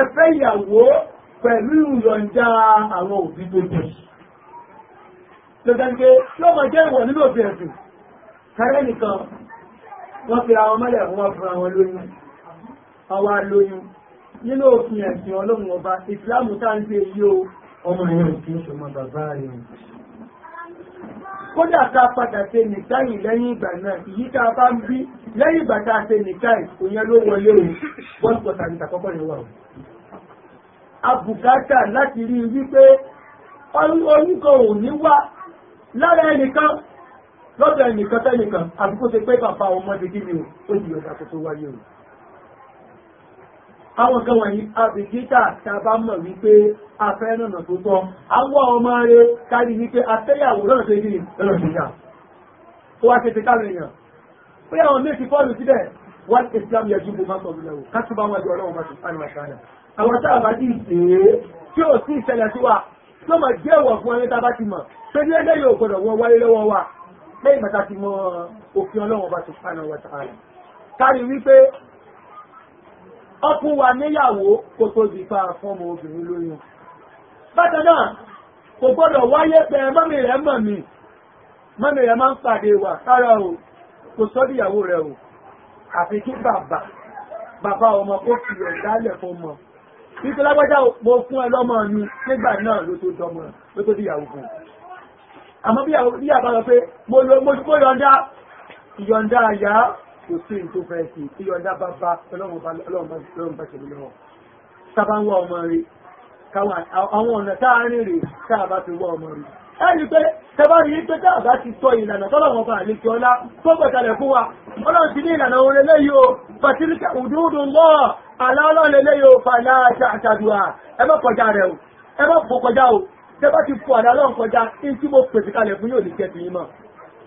ẹ fẹ́ ìyàwó pẹ̀lú ìyọ̀ǹda àwọn òbí gbogbo lọ́gbàgbé lọ́mọ jẹ́ ìwọ̀ nínú òbí ẹ̀sùn kàrẹ́ nìkan wọ́n fi àwọn mọ́lẹ̀ fún wọn fún àwọn lóyún ọwá lóyún nínú òfin ẹ̀sìn ọlọ́run ọba ìsìlámù tá ń ṣe yíó ọmọ ẹ̀rùn kí ń kódà tá a padà ṣe nìkáyì lẹ́yìn ìgbà náà ìyí tá a bá ń bí lẹ́yìn ìgbà tá a ṣe nìkáyì kò yẹn ló wọlé o wọ́n sọ tàbí tàkọ́kọ́ yẹn wà o. àbùkátà láti rí i wípé oníkan ò ní wá lára ẹnìkan lọ́dọ̀ ẹnìkan tẹ́nìkan àbí ṣe pé bàbá ọmọdé kí ni o ó di ọ̀dà kó tó wáyé o àwọn kan wọ̀nyí abìgítà tàbá mọ̀ wípé afẹ́ náà tó tọ́ àwọn ọmọ rẹ̀ kárí wípé afẹ́yàwó lọ́nà tó yìí lọ́nà tó yà ó wá tètè káàrọ̀ èèyàn ó yà wọn méjì fọ́ọ̀lù síbẹ̀ wọ́n islam yẹ jùbọ̀ máa sọ̀rọ̀ lẹ́wọ̀ kátó bá wọn jọ ọlọ́wọ́ máa sọ̀rọ̀ àwọn aṣáájú àwọn tá a bá dì í tí ó sì ìṣẹ̀lẹ̀ sí wa tó mọ̀ jẹ́ ọ̀wọ̀ fún ẹni tá a bá ti mọ̀ pé ní ẹgbẹ́ yóò gbọdọ̀ wọn wáyé lọ́wọ́ wa lẹ́yìn bàtà ti mọ òfin ọlọ́wọ́ bá ọkùn wa níyàwó kò tó di pa fún ọmọ obìnrin lóyún bákan náà kò gbọ́dọ̀ wáyé pé mọ́mì rẹ̀ mọ̀ mí mọ́mì rẹ̀ máa ń pàdé wà sára o kò sọ́dọ̀ ìyàwó rẹ̀ o àfi kí bàbá bàbá ọmọ kó fi ọ̀dálẹ̀ fún ọmọ títí lágbájá mo fún ẹ lọ́mọ mi nígbà náà ló tó dọmọ ló tó díyàwó fún àmọ́ bí àbá lọ pé mo yọ̀ǹda ìyọ̀ǹda àyà kò sí ní tó fẹ́ sí tí ọjà bá bá ọlọ́run bá ṣẹlẹ̀ lọ́wọ́ sábà ń wá ọmọ rẹ àwọn ọ̀nà tá a rìn rè tá a bá ti wá ọmọ rẹ ẹni pé tẹ́bá rí pé tá a bá ti tọ ìlànà tọ́lọ́wọ́n bá àlejò ọlá tó gbọ̀tàlẹ̀ fún wa ọlọ́run ti ní ìlànà òun lélẹ́yìí o pàtíríkà òdúdú lọ́ọ̀ aláwọ̀lọ́ lélẹ́yìí o fàlà àtàdùà ẹ má kọjá rẹ o ẹ má fò kọjá o tẹ́bá ti fò àdá lọ́n kọjá ní tí mo pèsè kalẹ̀ fún yóò lè jẹ́ tìyín mọ́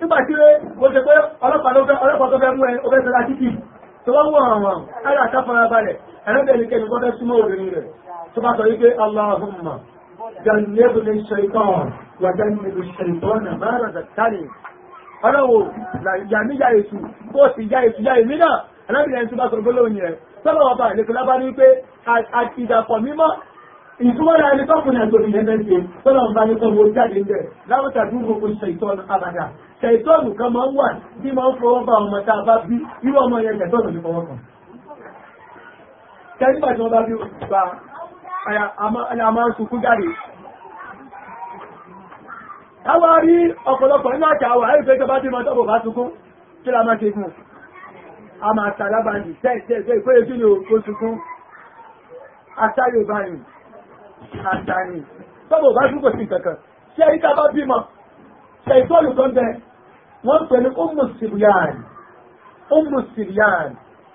nígbà tí mo ṣe pé ọlọ́pàá tó fẹ́ mú ẹ o fẹ́ sọ́dá títì tó wọ́n wọ̀n àwọn ara àtàfara balẹ̀ ẹ̀rẹ́bẹ̀ ní kẹ́ni wọ́n fẹ́ súnmọ́ obìnrin rẹ̀ tó bá sọ wípé Allahumma jàǹdẹ́bù ní ṣẹ̀tọ́n wà jàǹdẹ́bù ṣẹ̀tọ́n nà máa rà zàtàrí ọlọ́wọ́ yàmí yá èṣù bó sì yá èṣù yá èmi náà ẹ̀rẹ́bìnrin ìtumọ̀ra ẹni tọ́kùnrin àgbòfin ẹgbẹ́ ṣe tọ́lọ̀ ń bá ní kọ́ mo jáde ńbẹ̀ láwùjọ àdúgbò gbogbo ṣètọ́nù abàdà ṣètọ́nù kan máa ń wà bí máa ń fọwọ́ bá ọmọ tá a bá bí irú ọmọ yẹn ṣètọ́nù ní fọwọ́ kan. kẹ́rígbà tí wọ́n bá bí gba a máa ń sunkún jáde. káwa rí ọ̀pọ̀lọpọ̀ nínú àṣà wa ẹ̀rí pé tó bá dé mọ́ tọ́bọ̀ bá sunkún kí la máa ṣe fún un. a máa ṣàlábàndì tẹ́ẹ̀ tẹ́ẹ̀ àdáni tọ́bọ̀ bá dúkọ̀ sí kankan ṣé ẹ̀rí ká bá bímọ ṣe ìtọ́lù kan bẹ wọ́n pè ní ọmọ siriyan ọmọ siriyan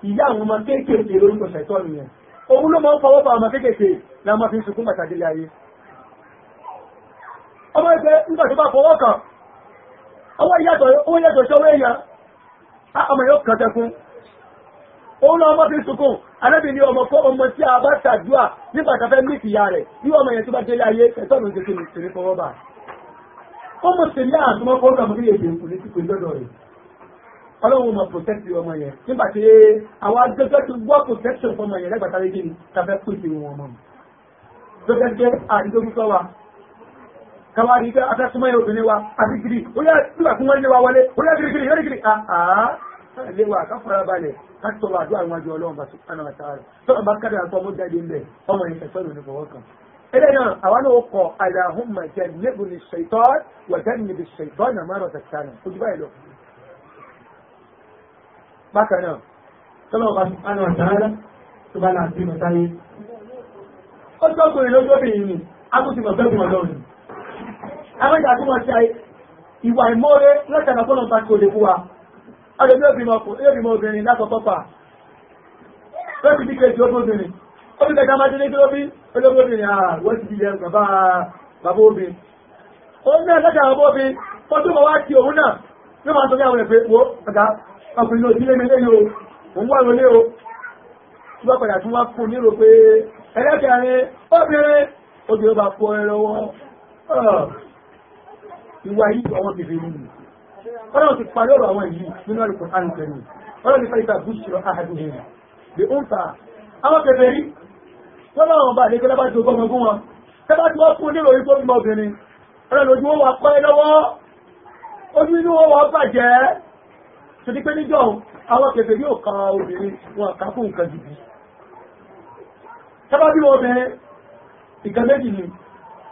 ìyá àwọn ọmọ kéékèèké lórúkọ ṣe ìtọ́lù yẹn òun ló máa ń fọwọ́ pa ọmọ kéékèèké la máa fi sunkún pàtàkì lé ayé ọmọ ẹgbẹ́ nígbà tó bá fọwọ́ kàn ọwọ́ yàtọ̀ ṣọwọ́ èèyàn á ah, ọmọ yóò kàn tẹkùn òun náà ọmọ fi sunkún arábìnrin ọmọ kọ́ ọmọ tí a bá ṣàdúrà nígbà fẹ́ mí ìyá rẹ̀ bí ọmọ yẹn tó bá délé ayé ẹ̀tọ́ ló tètè lè tèrè fọwọ́ bá ọmọ sèlé àtúmọ̀ kọ́ ọmọ bí èdè ìpò ní ti lọ́dọ̀ rẹ̀ ọlọ́run mọ̀ protect ọmọ yẹn nígbà tí àwọn agbẹ́gbẹ́ ti wá protection fọmọ yẹn lẹ́gbàtà lé gíní tàbẹ́ pè sí wọn mọ̀ gbẹ́gbẹ́ ilé wa ká fara balẹ̀ ká tọrọ àdúrà níwájú ọlọ́run bá sùpánà àtàrà tọ́lá bá kádà àtọ́ mú jáde ń bẹ̀ ọmọ yẹn ẹ̀fọ́ ìròyìn fọwọ́ kan. ilé náà àwa náà kọ àdàhùnmà jẹ níbu ní ṣètọ́ wọ̀jẹ́ níbi ṣètọ́ nà má rọ̀tà sànà ojú báyìí lọ. bákan náà tọ́lá bá sùpánà àtàrà tó bá láti mọ̀ táyé. ó tọ́kùnrin lójú obìnrin ni a kò sì mọ̀ fẹ́ gùn ọlọ́run. àwọn ìjà tó wọ́n ṣe ìwà ìmóore lọ́sàn-án ọdẹ bí obìnrin ọkùnrin obìnrin obìnrin lásọpọ̀ pa lóbi ní kejì obìnrin obìnrin kẹta máa délé lóbi olóbi obìnrin àà wọ́n ti yẹ bàbá bàbá obìnrin ó ní ẹ̀lẹ́kẹ̀ àwọn obìnrin ó túnbọ̀ wá ti òun náà ní máa sọ ní àwọn ẹ̀fẹ́ wo ọ̀gá ọkùnrin òjì lé mi lé yóò òun wà lólé o tí wọ́n padà tí wọ́n fún nílò pé ẹlẹ́kẹ̀rin obìnrin obìnrin bá fọ ẹ̀rọ wọn ah, ìwà yìí àwọn kìfì rú ọlọ́run ti parí ọ̀rọ̀ àwọn ìlú nínú àlùkò àǹkẹ́ni ọlọ́run ti fẹ́ẹ́ bùsùrọ̀ àhàdùn èrè lè ń fa àwọn kẹfẹ́ rí wọ́n láwọn bá àdékẹ́ lábá ti ogún ọmọgún wọn tẹ́bá ti wọ́n fún nílò orí gómìnà obìnrin ọlọ́run ojú wọn wà pọ́ ẹ lọ́wọ́ ojú inú wọn wà bàjẹ́ tó ti pé níjọ́ àwọn kẹfẹ́ rí òkà obìnrin wọn kà fún nǹkan bí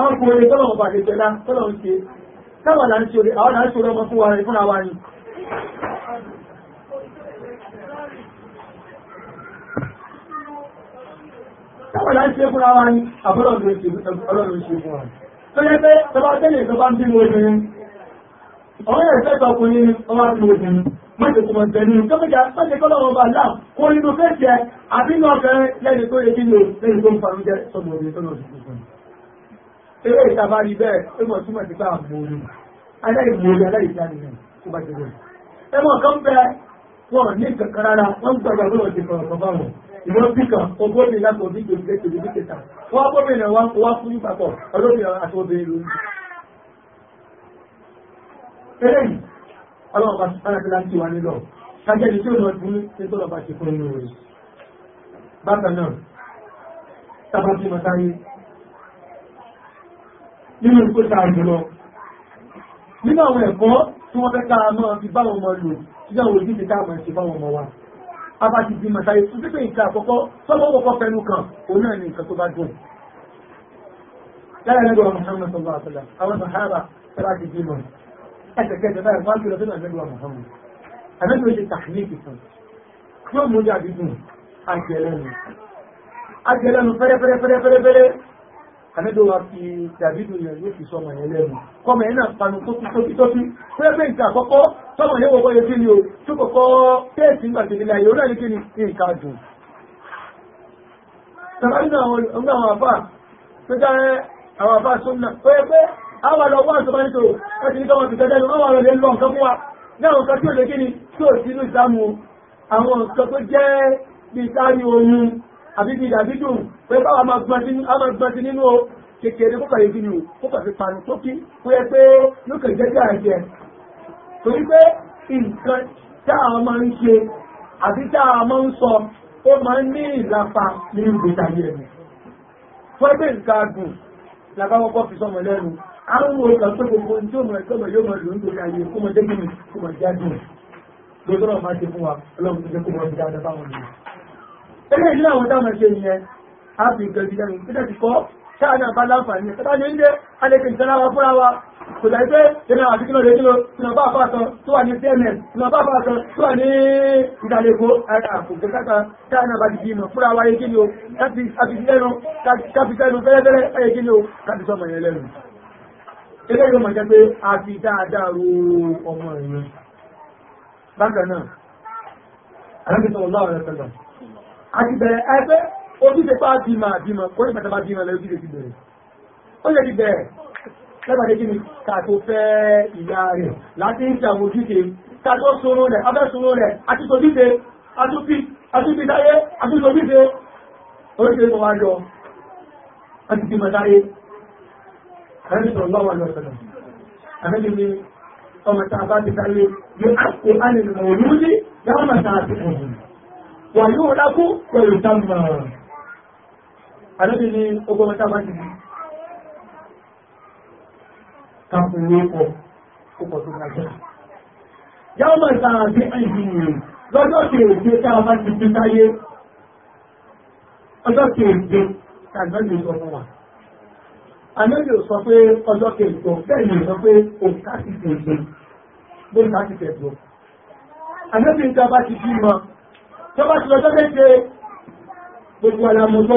àwọn kò lè tọ́lọ̀ ọba àti tẹ́lá tọ́lọ̀ ń ṣe káwọn là ń ṣe àwọn là ọmọ fún wa rẹ̀ fúnra wa ni káwọn là ń ṣe fúnra wa ni àbúrọ̀dọ̀ ọlọ́run ṣe fún wa tó yẹ pé tọba tẹ́lẹ̀ ìjọba ń bí obìnrin ọ̀rọ̀ yẹn fẹ́ sọ fún yín ọmọ àti obìnrin mọ́jẹ̀ tó mọ̀ tẹ̀lé kọ́mọ̀jà mọ́jẹ̀ kọ́lọ́wọ́ bá kó inú fẹ́ jẹ àbínú ọkẹrin lẹ́yìn tó yẹ kí ni lẹ́yìn tó ń farújẹ sọ́mọ̀ obìnrin tó lọ́dún eré ìtaba rí bẹ́ẹ̀ ó mọ̀ túmọ̀ sí pé àmọ́ olú aláìmọ̀ọ́lù aláìsíánìyàn kó bá ti wọ̀ ẹ mọ̀ kan bẹ wọn ní kankan rárá wọn ń gbàgbà pé wọn ti kọ̀rọ̀ kan báwọn ìwọ́n bí kan ogó mi láti òbí tó ṣe tèmi ní kẹta wọn á gómìnà wa wá fún yín papọ̀ olóbìnrin àti obìnrin lórí. eléyìí ọlọ́run bá ti sára sí láti wà nílọ kájẹ́ni tí ó lọ dún ní tó lọ bá ti fún inú rẹ̀ bákan náà tábà tí mo sáyé nínú ìpé sàárùlọ nínú àwọn ẹ̀kọ́ tí wọ́n fẹ́ káà náà fi báwọn ọmọ lò tí àwọn òjú ti káàmà ṣe báwọn ọmọ wa a bá ti di màtàrí fún pípé ìta àkọ́kọ́ sọ́wọ́ kọ́kọ́ fẹnu kan òun náà ní nǹkan tó bá dùn láàrin ẹgbẹ̀rún Muhammad sallallahu alaihi wasallam àwọn sahaba tẹ́lá ti di mọ̀ ẹsẹ̀kẹsẹ̀ báyìí wọ́n á gbé lọ sínú ẹgbẹ̀rún Muhammad àmẹ́sẹ̀ ṣe tàkìlìkì kan yóò mú ní àdídùn àjẹlẹ́nu àjẹlẹ́nu fẹ́rẹ́fẹ́rẹ́fẹ́rẹ́fẹ́rẹ́ àmẹ́dọ́wà fi dàbídù yẹn yóò fi sọmọ yẹn lẹ́nu kọmọ yẹn náà panu tó fi tóbi tóbi fẹ́ pé nǹkan àkọ́kọ́ sọmọ yẹn wọ́pọ̀ yẹn kí ni o tó kọ́kọ́ kéèsì nígbà tèmi láyé orí àdékè ni nǹkan dùn. tàbá nínú àwọn ọmọ àwọn àbá tó já àwọn àbá sómìnà ó yẹ pé àwọn àlọ́ wọn àtọ́bá nítorí wọ́n ti ní káwọn ti tẹ́tẹ́ lu àwọn àlọ́ lẹ́nu nǹkan fún wa náà àwọn pé báwa máa gbọ́n sí nínú kékeré kó kàyé gínú kó kàfi panu tó kí kó yẹ pé ló kàn jẹ́jẹ́ àjẹ́ torí pé nǹkan tá a máa ń ṣe àti tá a máa ń sọ ó máa ń ní ìlàpá ní ìgbésà yìí rẹ̀ fún ẹgbẹ́ nǹkan agùn làbáwọ́pọ̀ fi sọmọ lẹ́nu àwọn òkà tó gbogbo tí ó mọ̀ ẹ̀kọ́ mọ̀ yóò mọ̀ lò ń gbé ayé kó mọ̀ jẹ́gbìn kó mọ̀ jádùn lóòótọ́ náà máa ṣe fún wa ọlọ́run tó jẹ́ kó mọ̀ ọdún báwọn ènìyàn. eléyìí náà wọ́n dáhùn ṣe ìyẹn ààbò ìgbẹ̀bí lẹ́nu tó tẹ̀sí kọ́ sáàdà bá láǹfààní ẹ̀kọ́ta ní ilé alẹ́kẹ̀ ìtẹ́lára fúnra wa kò láì pé ìrìn àwọn àfikínà rẹ̀ nílò ìrìn bá àpá kan tó wà ní cnn ìrìn bá àpá kan tó wà ní ìdàlẹ́kọ́ ara àkùnkùn kẹta sáàdà bá dìbì ìmọ̀ fúnra wa yékí ni o káfíńtẹ́nu fẹ́rẹ́fẹ́rẹ́ yékí ni o káfíńtọ́mọ yẹn lẹ́nu ilé yóò mọ̀ jẹ́ pé a fi dáadáa ro ọmọ ìrìn bákan náà alábìsọ̀rọ̀ láwọn ẹ̀fẹ́ ojúṣe bá bímọ àbímọ kó ní pàtàkì bímọ lẹ́yìn ojúṣe ti bẹ̀rẹ̀ ó yẹ ti bẹ̀rẹ̀ lẹ́gbàdé kí ni kàtó fẹ́ ìyá rẹ̀ láti ń ṣàwọn ojúṣe kàtó sóró rẹ̀ abẹ́ sóró rẹ̀ àti ojúṣe àtúfi àtúfi dáyé àti ojúṣe oríṣiríṣi tó wá yọ àti bímọ dáyé àrẹ́bí sọ̀rọ̀ lọ́wọ́ lọ́sọ̀rọ̀ àrẹ́bí ni ọmọ tá a bá ti dáyé yóò àpò ánìmọ̀ òun ní òun wà yóò lákú pẹ̀lú àdúgbì ní ogun mẹ́ta bá ti di pọ̀ púpọ̀ tó gbàgbà yàwó máa ta àti àìjìyàn lọ́jọ́ kèrèké tá a bá ti fi táyé ọjọ́ kèrèké tàbí sọ fún wa àmẹ́lì ò sọ pé ọjọ́ kèrèké bẹ́ẹ̀ ni sọ pé òǹkà ti kèrèké bóyá láti kẹ̀dùn àmẹ́bí ìjọba ti bí mọ́ tọ́bá ti lọ́jọ́ méje gbogbo àlàmọ́ tó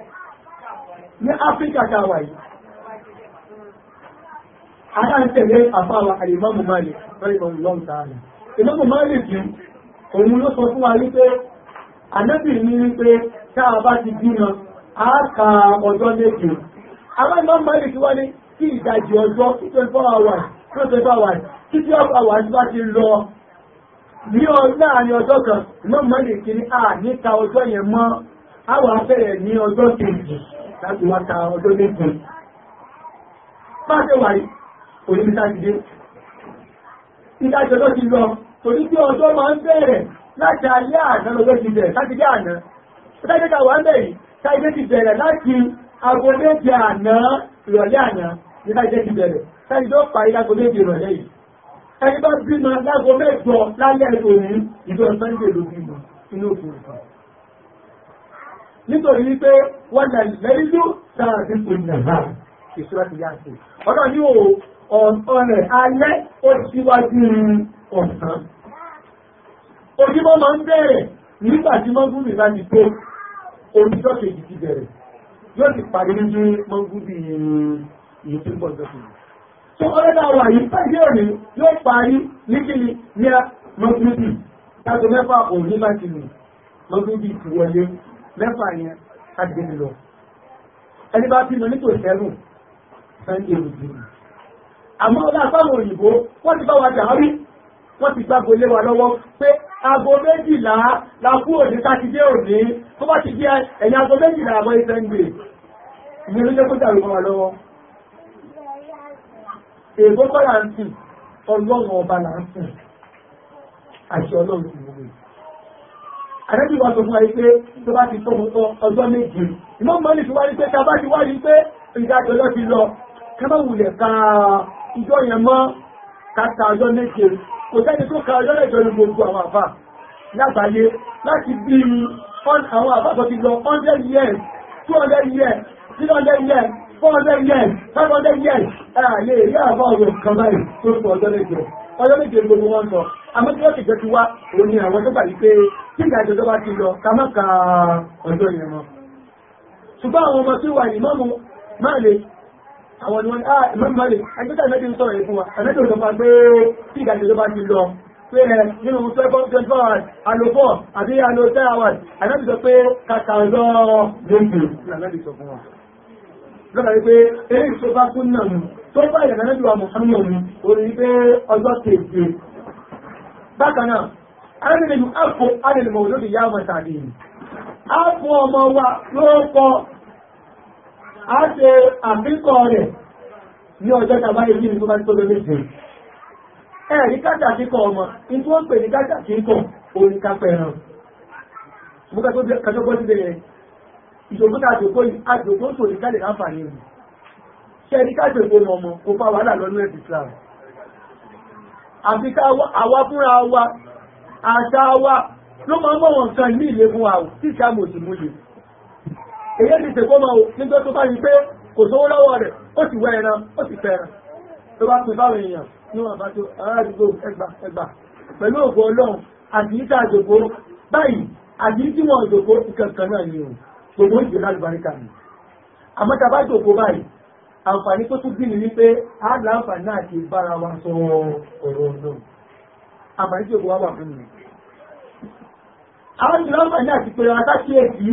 ní áfíríkà tá a wà yìí ara ń tẹ̀lé àfáwà àlèmọ́mù máàlì lórí ọmọ ìlọ́m tààrà ìlọ́mù máàlì kì í òun ló sọ fún wa wípé ànábì ní wípé tá a bá ti bímọ a ka ọjọ́ méje àwọn ìlọ́mù máàlì ti wá ní kí ìdajì ọjọ́ twenty four hours twenty four hours títí ọ̀pọ̀ hours bá ti lọ ní láàrin ọjọ́ kan ìlọ́mù máàlì kì í à níta ọjọ́ yẹn mọ́ àwọn afẹ́rẹ̀ ní ọjọ́ kejì láti wá ọjọ́ méjì bá ṣe wà yìí kò ní bíta dìde ìdájọ́ lọ ti lọ torí pé ọjọ́ máa ń bẹ̀rẹ̀ láti alẹ́ àná lọ́jọ́ ti bẹ̀rẹ̀ láti dé àná ìdájọ́ ta wà ń bẹ̀rẹ̀ táìdé ti bẹ̀rẹ̀ láti aago àná ìrọ̀lẹ́ àná ní táìdé ti bẹ̀rẹ̀ táìdé ó parí láago ìrọ̀lẹ́ yìí ẹni bá bímọ láago mẹ́jọ lálẹ́ òní ìjọ sunday ló bímọ inú òfurufú nítorí wípé wọ́n na ìlẹ́rìndú sáàdì ìnàmà ìṣúra ti yáàṣì ọ̀nà ní o ọ̀rẹ́ alẹ́ ó síwájú ọ̀sán ojúmọ́ máa ń bẹ̀rẹ̀ nígbà tí mọ́ngún mi bá ti tó oníjọ́ kejì ti bẹ̀rẹ̀ yóò ti parí ní mọ́ngún bí ìyẹn tó ń bọ̀ jọ́ kejì tó ọlọ́dà wà yìí pàdé òní yóò parí ní kíni ní mọ́ngún bí tágo mẹ́fà òní bá ti nù mọ́ngún bí mẹ́fà yẹn àgbèrè lọ ẹni bá bímọ nítorí ẹrùn sunday olùdíje àmọ́ ọlá àpáwọn òyìnbó wọ́n ti bá wa jà rí wọ́n ti gbàgbó lé wa lọ́wọ́ pé aago méjìlá la kú òní sátidé òní tó bá ti di ẹ̀yìn aago méjìlá àmọ́ ìfẹ́ ń gbè ní olóyè kó dàrú wa lọ́wọ́ èèbó kọ́ là ń sìn ọlọ́run ọba là ń sìn àti ọlọ́run àrẹ́bí wa sọ fún ayé pé tó bá ti tó mú tán ọjọ́ méje ìmọ̀ mọ́lì fi wá rí pé ká bá ti wá rí pé ìdájọ́ lọ ti lọ ká má wulẹ̀ ka ìjọ yẹn mọ́ ká ta ọjọ́ méje kò sẹ́ni tó ka ọjọ́ mẹ́jọ ní gbogbo àwọn àfà lágbàáyé láti bí àwọn àfà tó ti lọ hundred years two hundred years three hundred years four hundred years five hundred years ẹ̀ lè rí àwọn ọ̀rọ̀ kan báyìí tó sọ ọjọ́ méje ọjọ́ méje gbogbo wọn sọ àmọ́ tí wọ́n ti jẹ́ wá òun ni àwọn tó gbà wípé tí ìgbà ìjọba bá ti lọ ká ka ọjọ́ yẹn mọ́ ṣùgbọ́n àwọn ọmọ tí wà ní mọ́mú máa àwọn ni wọ́n á ìmọ̀mú ẹgbẹ́ta ìmẹ́jì ń sọ̀rọ̀ fún wa ẹ̀mẹ́jì ò lọ tí ìgbà ìjọba ti lọ pé ẹ nínú seven twenty four hours alo four àbí alo ten hours ànábì sọ pé kàkà lọ lóṣù wípé eré ìṣòfà kún náà tó bá ìyàgbẹ́ wa mọ̀ sánú òun orí pé ọjọ́ kejì bákan náà ánìlẹ́yìn àpò ánìlẹ́mọ̀ olóbi yá ọmọ tàbí àpò ọmọ wa ló kọ á ṣe àfikọ́ rẹ̀ ní ọjọ́ tàbá yìí tó bá tó lórí jù ẹ̀rí kátàkíkọ ọmọ in tó ń pè ní kátàkíkọ orin kápẹ̀ ẹran mú kájọ́ bọ́ síbẹ̀ yẹn ìṣòro tá àjòkó àjòkó sòrí kálẹ̀ láǹfààní àti àwa fúnra wa àṣà wa ló máa ń mọ̀ wọn kan ní ilé fún wa tí ìṣàmù òsì múlẹ̀ èyí ti ṣe kọ́mọ nígbà tó bá rí pé kò sówó lọ́wọ́ rẹ̀ ó sì wẹ́ ẹran ó sì fẹ́ràn tó bá pè báwọn èèyàn níwọ̀n bá tó aládùúgbò ẹgbà ẹgbà pẹ̀lú ògbó ọlọ́run àti ìta àjòkó báyìí àti tí wọn òjòkó ìkankan náà ni o gbogbo ìgbé lálùbáríkà ni àmọ́ tá a bá jòkó báyìí àǹfààní tó tún bí ni wípé á láǹfààní náà ti bára wa sọ ọ̀rọ̀ ọ̀dọ́ àǹfààní tí òkú wá wà fún mi àwọn ìlú láǹfààní àti pèrè wa sáṣí èkì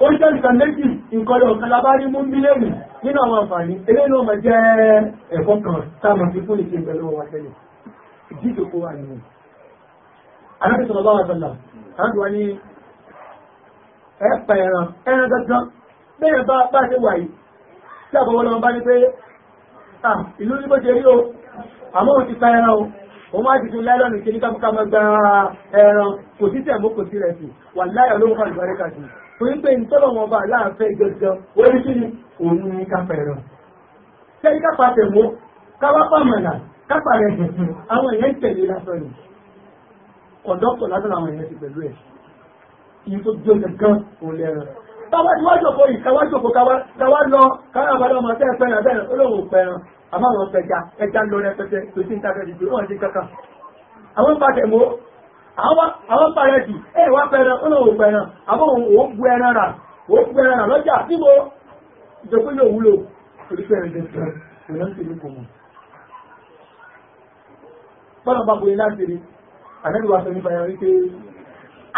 ó jẹ́ nǹkan méjì nǹkan lọ kan labá rí mú mílíọ̀nù nínú àwọn àǹfààní eré náà mọ̀ jẹ́ ẹ̀kọ́ kan táwọn fi fún ìṣe pẹ̀lú wa tẹ́lẹ̀ ìdíje kó wà nínú anábì sọ̀rọ̀ bá wa sọ̀lá àwọn wa ní ẹ̀pà ẹran ẹran gangan bẹ́ẹ̀ bá bá ṣe wà yìí tí àbọ̀wọ́ náà bá ní pé ìlú ní bó o àmọ́ òun ti o òun wá ti fi láìlọ́nù ṣe ní kámúkámú gba ẹran kò sí tẹ̀mú kò sí rẹ̀ sí wà láyọ̀ ló ń fa ìbárẹ́kà sí torí pé ìtọ́lọ̀ wọn bá láàfẹ́ gẹ́gẹ́ orí kí ni òun ní kápá ẹran sẹ́yìn kápá tẹ̀mú káwá pàmọ̀nà kápá rẹ̀ jẹ̀sìn àwọn èèyàn tẹ̀lé lásán ni kọ̀dọ́tọ̀ lásán àwọn èèyàn ti pẹ̀lú ẹ̀ ìyí bàbá ti wájòkó yìí káwájòkó káwá lọ káyàbádọ́ ọmọ tẹ́ fẹ́ràn bẹ́ẹ̀ olóhùn fẹ́ràn àmọ́ àwọn fẹja ẹja lọ rẹpẹtẹ tó sí ń tafẹ́ kankan àwọn mọ́ àwọn jù wá àmọ́ òun ẹran rà ẹran rà lọ́jà tí mo yóò wúlò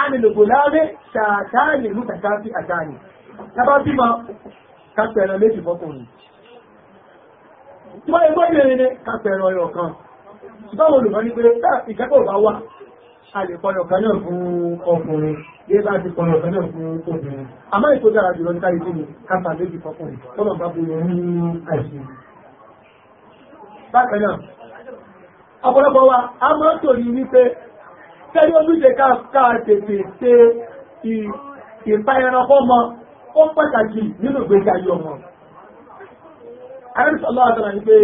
ánìlògbò láàrẹ ṣàtàlè ní tàkàfí àtàlè lábá bímọ kápẹ̀rọ méjì fọ́kùnrin tí wọ́n lè gbọ́bìnrin ní kápẹ̀rọ ọyọ̀ kan ṣùgbọ́n olùkọ́ ní pé ìkẹ́kọ̀ọ́ bá wà a lè pọ̀lọ̀ kan náà fún ọkùnrin yé bá ti pọ̀lọ̀ kan náà fún obìnrin àmọ́ ètò dára jùlọ ní káyé tóbi kápá méjì fọ́kùnrin tọ́lọ̀ bá bu yẹn ní àìsí bákan náà ọ̀pọ̀lọpọ̀ wa a máa ń tòrí wípé tẹ́lẹ̀ olújẹ káàkiri ṣe ìpa ẹranko mọ ó pàtàkì nínú ìgbésí ayé ọmọ àrẹ́sọ̀lọ́ àtàrà ní pé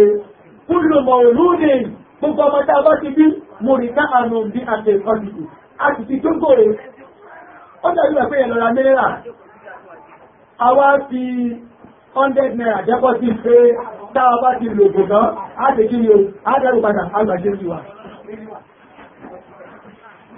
kúlù mọ̀ òlúni gbogbo ọmọ tá a bá ti bí mo rí ká àánú bí àti ìkọ́sìtì a sì ti tóńgò rẹ̀ ó dàbí ẹ̀fẹ́ yẹn lọ́ra mẹ́rẹ́rà àwa fi 100 naira jẹ́kọ́ sí pé tá a bá ti lò gbògán á ti kí ni o á dẹ́rù padà àgbàjẹ́ sí wa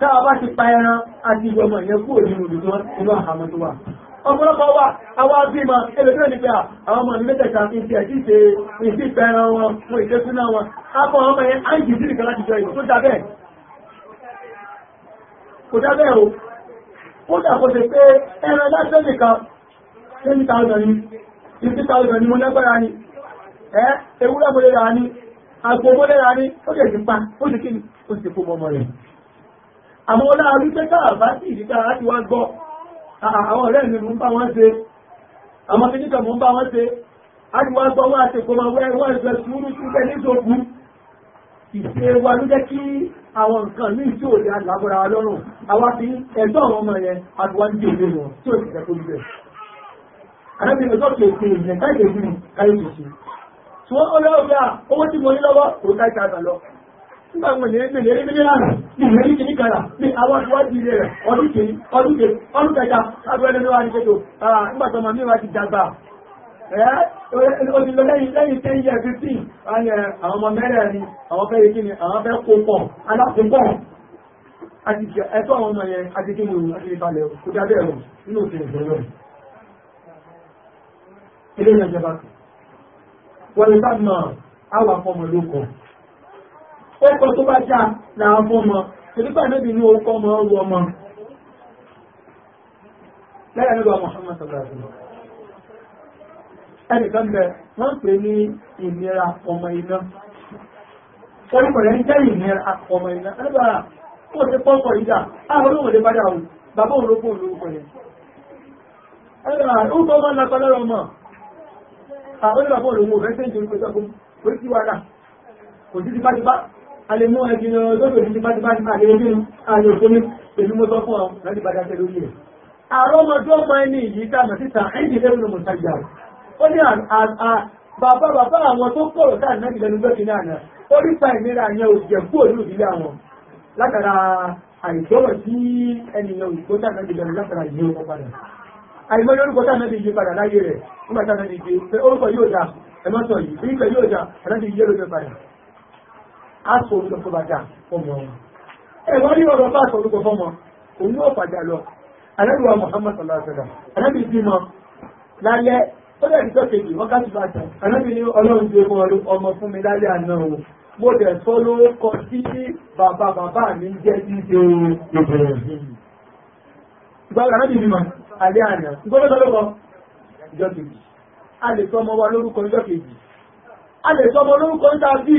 táwọn bá ti pa ẹran àdìgbò ọmọ ìyẹn kúrò nínú ìlú inú àhámọ́ tó wà ọ̀pọ̀lọpọ̀ wà àwọn abímọ ẹlẹ́gbẹ́ ní pé àwọn ọmọ mẹ́tẹ̀ẹ̀ta ń ṣe wọn fún ìdẹ́kúnná wọn akọ ọmọ yẹn á ń jì sí jọ ìlú tó dá bẹ́ẹ̀ kò o ó pé ẹran lásán nìkan twenty thousand ni fifty thousand ni mo ni ẹ ewúrẹ́ mo lè rà ni mo lè rà ni ó lè ti pa ó kí àmọ́ ọlá wípé káàbá sí ìdíkà láti wá gbọ́ àwọn ọ̀rẹ́ mi mú bá wọ́n ṣe àmọ́ fi níkà mú bá wọ́n ṣe àríwá gbọ́ wọ́n àti kò máa wẹ́ wọ́n ìfẹ́ sùúrù síbẹ̀ nítorí ìṣe wa ló jẹ́ kí àwọn nǹkan ní ìṣó òde àlábọ̀ra wa lọ́rùn àwa fi ẹ̀tọ́ àwọn ọmọ yẹn àtiwájú òde wọn tí ó sì fẹ́ kójú bẹ̀. àrẹ́bí ẹjọ́ kì í ṣe ìyẹn káyé ìdí káyé ìṣe. ṣùgbọ́n ó lọ́wọ́ bí i owó tí mo ní lọ́wọ́ kò ká ìta àgbà lọ nígbà wọn lè lè lè lè rárá ní ìrírí kìíní kara ní àwọn ìwádìí rẹ̀ ọdún kìíní ọdún kìíní ọdún kẹta lábẹ́ ẹni wá ní pẹ̀tò ara nígbà tó ti dàgbà ẹ́ ó lọ lẹ́yìn lẹ́yìn years fifteen kó pọ̀ ọkọ̀ tó bá já láwọn fọ́mọ ìdígbà níbi ní orúkọ ọmọ ọrù ọmọ lẹ́yìn nígbà Muhammad sallallahu ẹnìkan bẹ wọ́n pè ní ìnira ọmọ iná orúkọ ń jẹ́ ìnira ọmọ iná kó ti pọ́pọ̀ ìjà àwọn bá dáhùn bàbá ó tọ́ alẹ́mọ́ ẹgbẹ́ lọ́dọ̀ ìdí pátípátí àti ẹgbẹ́ àti òṣèlú pẹ̀lú fún àwọn láti bá dáṣẹ́ lórí rẹ̀. àrọ́mọdé ọmọ ẹni yìí tàbí síta ẹ̀jì lẹ́nu ló mọ̀ ó ní bàbá bàbá àwọn tó kọ̀rọ̀ sáà náà ìlẹ́nu bẹ́ẹ̀ kìíní àná ó rí pa ìnira yẹn òṣìṣẹ́ kú òní òdílé àwọn látara àìsọ̀rọ̀ tí ẹnìyàn òṣìṣẹ́ náà ìlẹ́nu látara ìyé ọkọ̀ padà àìmọ́ orúkọ táà náà ti yé padà láyé rẹ̀ nígbà táà náà ti yé orúkọ yóò dà ẹ̀mọ́tọ̀ yìí orúkọ yóò dà ẹ̀mọ́tọ̀ á sọ orúkọ tó bá dà fọmọ wọn. ẹ̀rọ ní ọ̀rọ̀ bá sọ orúkọ fọmọ òun yóò fàjà lọ alẹ́rùwà Muhammad aláṣẹ́dá anábì bímọ lálẹ́ ó dẹ̀ ìjọ kejì wákàtí bá tẹ̀ anábì ní ọlọ́run ti fún ọmọ fún mi lálẹ́ àná o mo dẹ̀ sọ ló kọ sí bàbá bàbá mi jẹ́ ṣíṣe ìbẹ̀rẹ̀ ìgbàgbọ́ anábì bímọ alẹ́ àná gbọ́dọ̀ tó lọ́kọ ìjọ kejì a lè sọ ọmọ wa lórúkọ ìjọ kejì a lè sọ ọmọ lórúkọ ìjọ kejì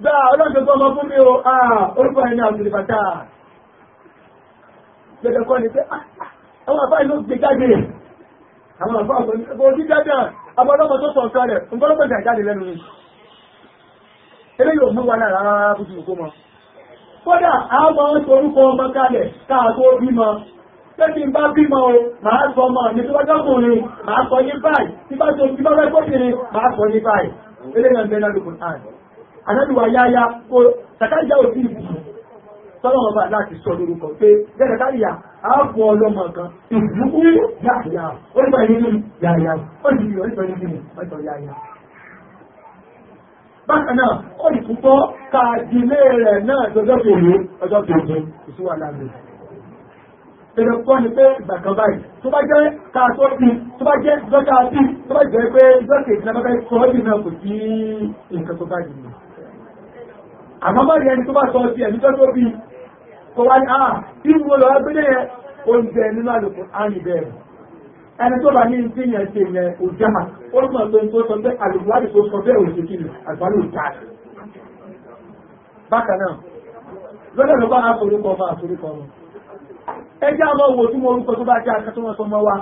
gbá ọlọ́jọ́ tó ọmọ fún mi o orúkọ ẹni àbùrìbàtà gbẹ̀dẹ̀ kọ́ ni pé àwọn àbá gbé jáde àwọn àbá jáde tó rẹ̀ jà jáde lẹ́nu ni mú wa lára rárá kó mọ kódà orúkọ ọmọ kalẹ̀ ń bá bímọ o, màá sọ ọmọ ní tí wọ́n màá sọ ní báyìí, tó ti bá màá sọ ní báyìí. ń anábìwá yáyá kó sàkáríyá ò fíìlì bùkún tọ́lọ́wọ́ bá láti sọ lórúkọ pé jẹ́rẹ̀ káyà ààbò ọlọ́mọ kan ìbùkú yáyà ó nípa ìlú yáyà ó sì yọ nípa ìlú nínú mẹ́tọ̀ yáyà. bákan náà ó sì tún kọ́ ka ìdílé rẹ̀ náà lọ́jọ́ kòrò ọjọ́ kòrò ìṣúwà láàrin. Bẹ̀rẹ̀ kọ́ ni pé ìgbà kan báyìí tó bá jẹ́ ká tó ti tó bá jẹ́ ìjọ́ta bí tó bá jẹ́ pé ìjọ́ kejì náà bá fẹ́ kọ́ ọ́ àmọ́ bá rí ẹni tó bá sọ sí ẹ̀mí tó tó bí kò wá ní àà ah, tí mo lọ gbé yẹn oúnjẹ nínú àlùkò àrùn bẹ́ẹ̀ ẹni tó bá ní ti yẹn ṣe yẹn ò jẹ́mà ó mọ̀ pé tó sọ pé àlùkò láti tó sọ bẹ́ẹ̀ òṣè kìlì àgbálù ìta bákan náà lọ́dọ̀ ló bá àforúkọ ọmọ àforúkọ ọmọ ẹ jẹ́ àwọn owó tí mo orúkọ tó bá jẹ́ akẹ́tọ́ wọn sọ mọ́ wa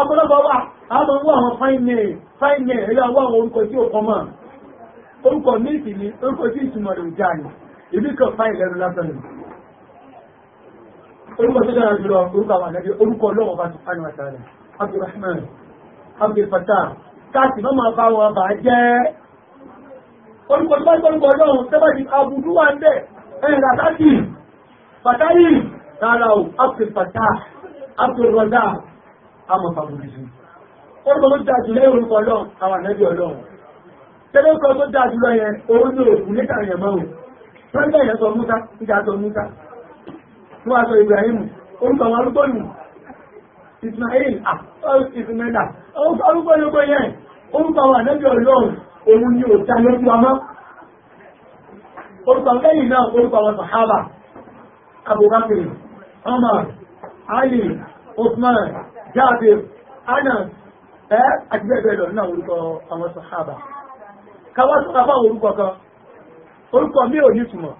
ọ̀pọ̀lọpọ̀ wà àwọn ọmọ wọn fáìnì fáìnì ẹ̀yà wọn orúkọ tí ò orúkọ méjì ni orúkọ tí ìtumọ̀ rẹ̀ jà ní ìbí kan fáì lẹ́nu lásán ni orúkọ tó dára jùlọ orúkọ àwọn àlẹ́bí orúkọ lọ́wọ́ bá tún fáìlì wàtà rẹ̀ abdulrahman abdulfatah káàtì má máa bá wọn bà á jẹ́ orúkọ tó bá jẹ́ orúkọ lọ́wọ́ tẹ́bà ti abudu wà ń bẹ̀ ẹ̀yìn ràtàkì fatahi rárá o abdulfatah abdulrada amọ̀fàbùrùsù orúkọ tó dára jùlọ orúkọ lọ́wọ́ àwọn àlẹ́bí ọlọ́wọ́ tẹ́lẹ̀ kan tó dáa jùlọ yẹn òun òkú ní kàrìyàn mọ́ òun wọ́n ìyẹn sọ múta níta sọ múta Ibrahim òun wọn Ismail Ismaila òun sọ arúgbó yẹn òun sọ wọn ọlọ́run òun ni lójú ọmọ orúkọ lẹ́yìn náà orúkọ wọn Abubakar Omar Ali Usman Jabir káwá tó ká fáwọn orúkọ kan orúkọ mi ò ní ìtumọ̀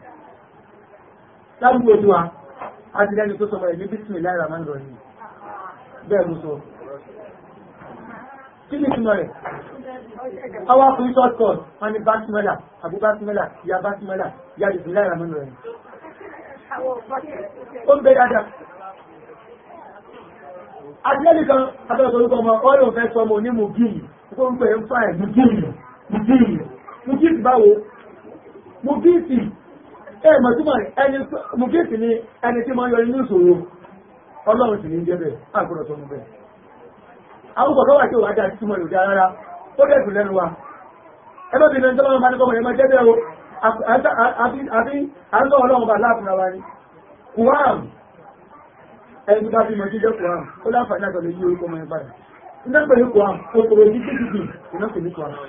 ládùúgbò tí wa a ti lẹ́nu tó sọ bẹ̀rẹ̀ ní bísí láìra máa ń lọ bẹ́ẹ̀ mú sọ kí ni ìtumọ̀ rẹ̀ àwọn akùnrin short cut wọn ni bátímọ́là àbú bátímọ́là ìyá bátímọ́là ìyá ìsìn láìra máa ń lọ yìí ó ń bẹ dáadáa àti lẹ́nu kan abẹ́rẹ́ orúkọ ọmọ ọ̀rẹ́ òfẹ́ sọmọ onímù gíìmù ó ń pè é ń fa ẹ̀mú gíìmù mùdíìlì mùdíìlì báwo mùdíìlì ẹ mọ̀túmọ̀ ẹni mùdíìlì ni ẹni tí máa yọ inú ìṣòro ọlọ́run sì ní jẹ́ bẹ́ẹ̀ àgbọ̀dọ̀ tó ń bẹ́ẹ̀ àwọn kọ̀ọ̀kan wà tí ò wá dá ó lẹ́nu wa ẹgbẹ́ bí lẹ́nu ní o àbí fi mọ̀ ó láǹfààní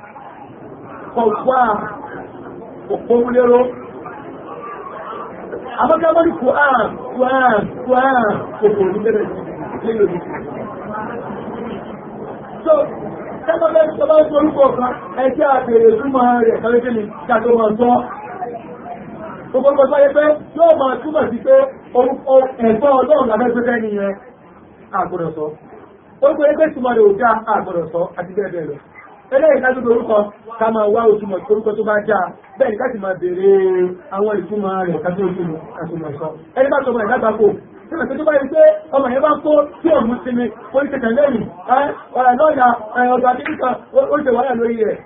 Qur'an òpómúlérò àmọ́gbẹ́mọ́rí Qur'an Qur'an Qur'an kòkòrò lẹ́rẹ̀ lẹ́yìn òní so tẹ́gbọ́gbẹ́ tọ́bá ń torúkọ kan ẹjẹ́ àbèrè súnmọ́ rẹ̀ kọ́lẹ́kẹ́ ni kàtó mọ̀ sọ gbogbo sọ pé yóò máa túmọ̀ sí pé orúkọ ẹ̀gbọ́ ọlọ́run lábẹ́ pẹ́pẹ́ nìyẹn àgbọ̀dọ̀ sọ orúkọ ẹgbẹ́ túmọ̀ rẹ̀ ò àgbọ̀dọ̀ sọ àti bẹ́ẹ̀ bẹ́ẹ̀ lọ eléyìí lájú lórúkọ ká máa wá òtúmọ̀ ìtorúkọ tó bá já bẹ́ẹ̀ láti máa bèèrè àwọn ìtumọ̀ rẹ̀ kájú òtúmọ̀ kásùmọ̀ sọ ẹni bá tọmọ ìdágbà kò síbẹ̀ tó bá rí pé ọmọ yẹn bá kó tí ò mú sinmi oríṣẹ̀kẹ̀ lẹ́yìn ọ̀rẹ́ lọ́ọ̀yà ọ̀dọ̀ àdínkà oríṣẹ̀ wáyà lórí rẹ̀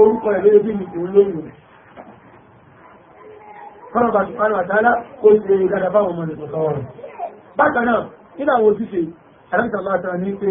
orúkọ rẹ̀ lórí bí mi kò lóyún kọ́nàbà sùpánù àtàlá kó ṣe dáadáa báwọn ọmọ nìkan sọ́wọ́n bákan náà nínú àwọn òṣìṣẹ́ àdáǹtà máa tàn ní pé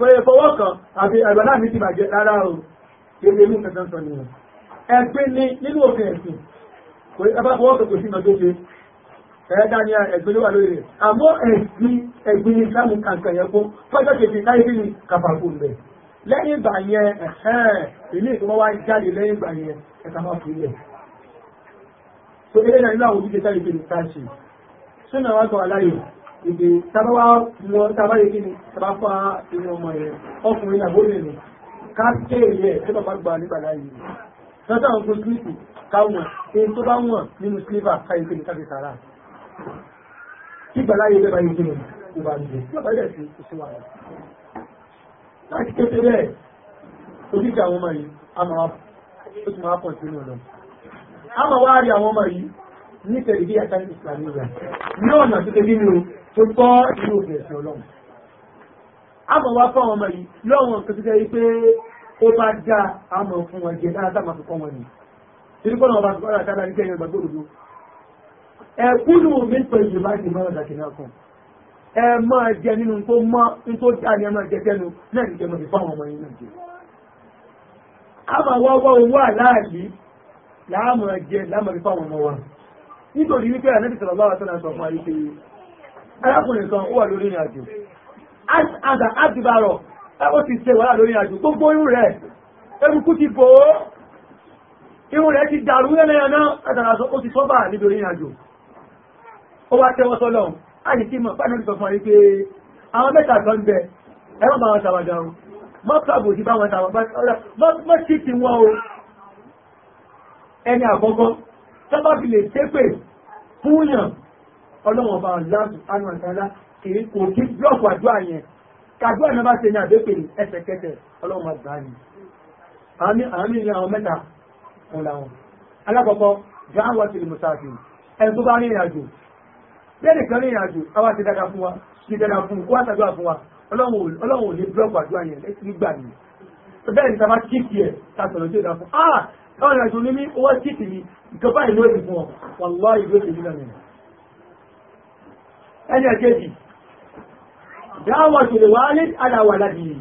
pẹ̀lú fọwọ́ kan àti àgbàdá mi ti bàjẹ́ rárá o èmi ìlú kẹta sọ nìyẹn ẹgbẹ́ ní nínú òfin ẹ̀sìn kò ní ẹbá fọwọ́ kan kò sí ìmọ̀ tó ṣe ẹ̀ẹ́dá ni ẹgbẹ́ ló wà lórí rẹ̀ àmọ́ ẹ̀sìn ẹgbẹ́ ní islam kankan yẹn fún fọ́jọ́ kejì láyé sí ni kàfàkù rẹ̀ lẹ́yìn ìgbà yẹn ilé ìtumọ̀ wá jáde lẹ́yìn ìgbà yẹn ẹ̀ka máa fi lẹ̀ so eléyìí náà nínú àwọn òbí ìgbè tábàwá lọ tábà yìí kí ni tábà fa ìwọ̀n ọmọ yẹn ọkùnrin àbóyè ni ká kéèrè ẹ̀ tí bàbá gbà nígbà láàyè lọ́tọ̀ àwọn fún kílìpù káwọn èyí tó bá wọ̀n nínú sílífà káyé kí ni ká fi sàrà kí gbà láàyè bẹ́ẹ̀ bá yìí kí ni kò bá lè lọ́bàá dẹ̀ sí ìṣúwà rẹ̀ láti kété bẹ́ẹ̀ ojúṣe àwọn ọmọ yìí a máa ó ti máa pọ̀ sínú ọ̀nà a máa wá rí àwọn ọmọ yìí ní tẹ̀lé bí àtàkì ìsìlámù rẹ̀ ní ọ̀nà tó tẹ̀lé nínú tó gbọ́ inú ìgbésẹ̀ ọlọ́run àmọ́ wá fáwọn ọmọ yìí lọ́wọ́ nǹkan tó jẹ́ pé ó bá já àmọ́ fún wọn jẹ dáadáa máa fi kọ́ wọn nì torí kọ́ náà bá kọ́ra kára nígbà yẹn gbàgbọ́ mi pẹ̀lú ìjọba ti máa dàkì náà kan ẹ máa jẹ nínú tó mọ́ tó já ni ẹ máa jẹ tẹnu náà ní àwọn ọmọ yìí náà jẹ wá wá owó àláàlì jẹ àwọn ọmọ wa nítorí wípé arákùnrin kan ó wà lórí ìrìn àjò àgbà àdìbàrọ̀ ó ti ṣe wàhálà lórí àjò gbogbo irú rẹ̀ eruku ti bò ó irú rẹ̀ ti dàrú lẹ́lẹ́yàn náà àtàrà ó ti sọ́bà níbi orí àjò ó wá tẹ́wọ́ sọ́lọ̀ àti tí mọ̀ pẹ́lú ìsọ̀fún àrí pé àwọn mẹ́ta kan ń bẹ ẹ̀rọ bá wọn sàwàdà o mọ́ pàbò sí bá wọn sàwàdà mọ́ sí ti wọn o ẹni àkọ́kọ́ sábà fi lè ṣépè fúnyàn ọlọ́wọ́n bá láti ánú àtàlá kì í kò kí blọọkù àdúrà yẹn kàdúrà náà bá ṣe ní àdépèrè ẹsẹ̀kẹsẹ̀ ọlọ́wọ́n máa gbà ní. àmì àmì ní àwọn mẹ́ta wọn làwọn. alákọ̀ọ́kọ́ john watson musafi ẹni tó bá rí ìrìn àjò lẹ́nì kan rí ìrìn àjò àwa ti dáadáa fún wa ti dáadáa fún wa ṣàdúrà fún wa ọlọ́wọ́n ò ní blọọkù àdúrà yẹn nígbà yìí. bẹ́ẹ̀ ni ta bá kíkì ẹ̀ ta sọ̀rọ̀ tí ah! ó fún ah ọ̀rìn àjò ní mi owó kíkì mi ìjọba ìlú èdè fún ọ wàlúwà ìlú ẹni ẹ̀kejì dáwọ̀ tó lè wáálé aláwà láti yìí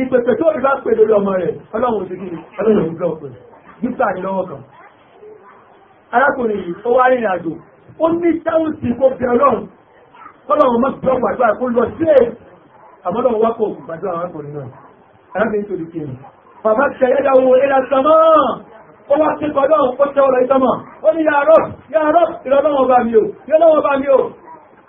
ìpẹ̀pẹ̀ tó rí bá pè lórí ọmọ rẹ̀ ọlọ́run òṣèlú ọlọ́run òṣèlú ọ̀pẹ̀ nípa ànílọ́wọ́ kan arákùnrin yìí ó wá rìnrìn àjò ó ní sáwùsì kó bẹ ọlọ́run ọlọ́run mọ́ tó gbàdúrà kó lọ sí èyí àmọ́ lọ́wọ́ wá kó gbàdúrà arákùnrin náà arákùnrin tó di kí ni bàbá ti ẹ̀yẹ́ dá owó ẹ̀yà sọmọ́ ó wá sí kọ́ ọlọ́run ó tẹ́wọ́ lọ ìtọ́mọ̀ ó ní yàrá yàrá ìrọ̀lọ́wọ́ bá mi ò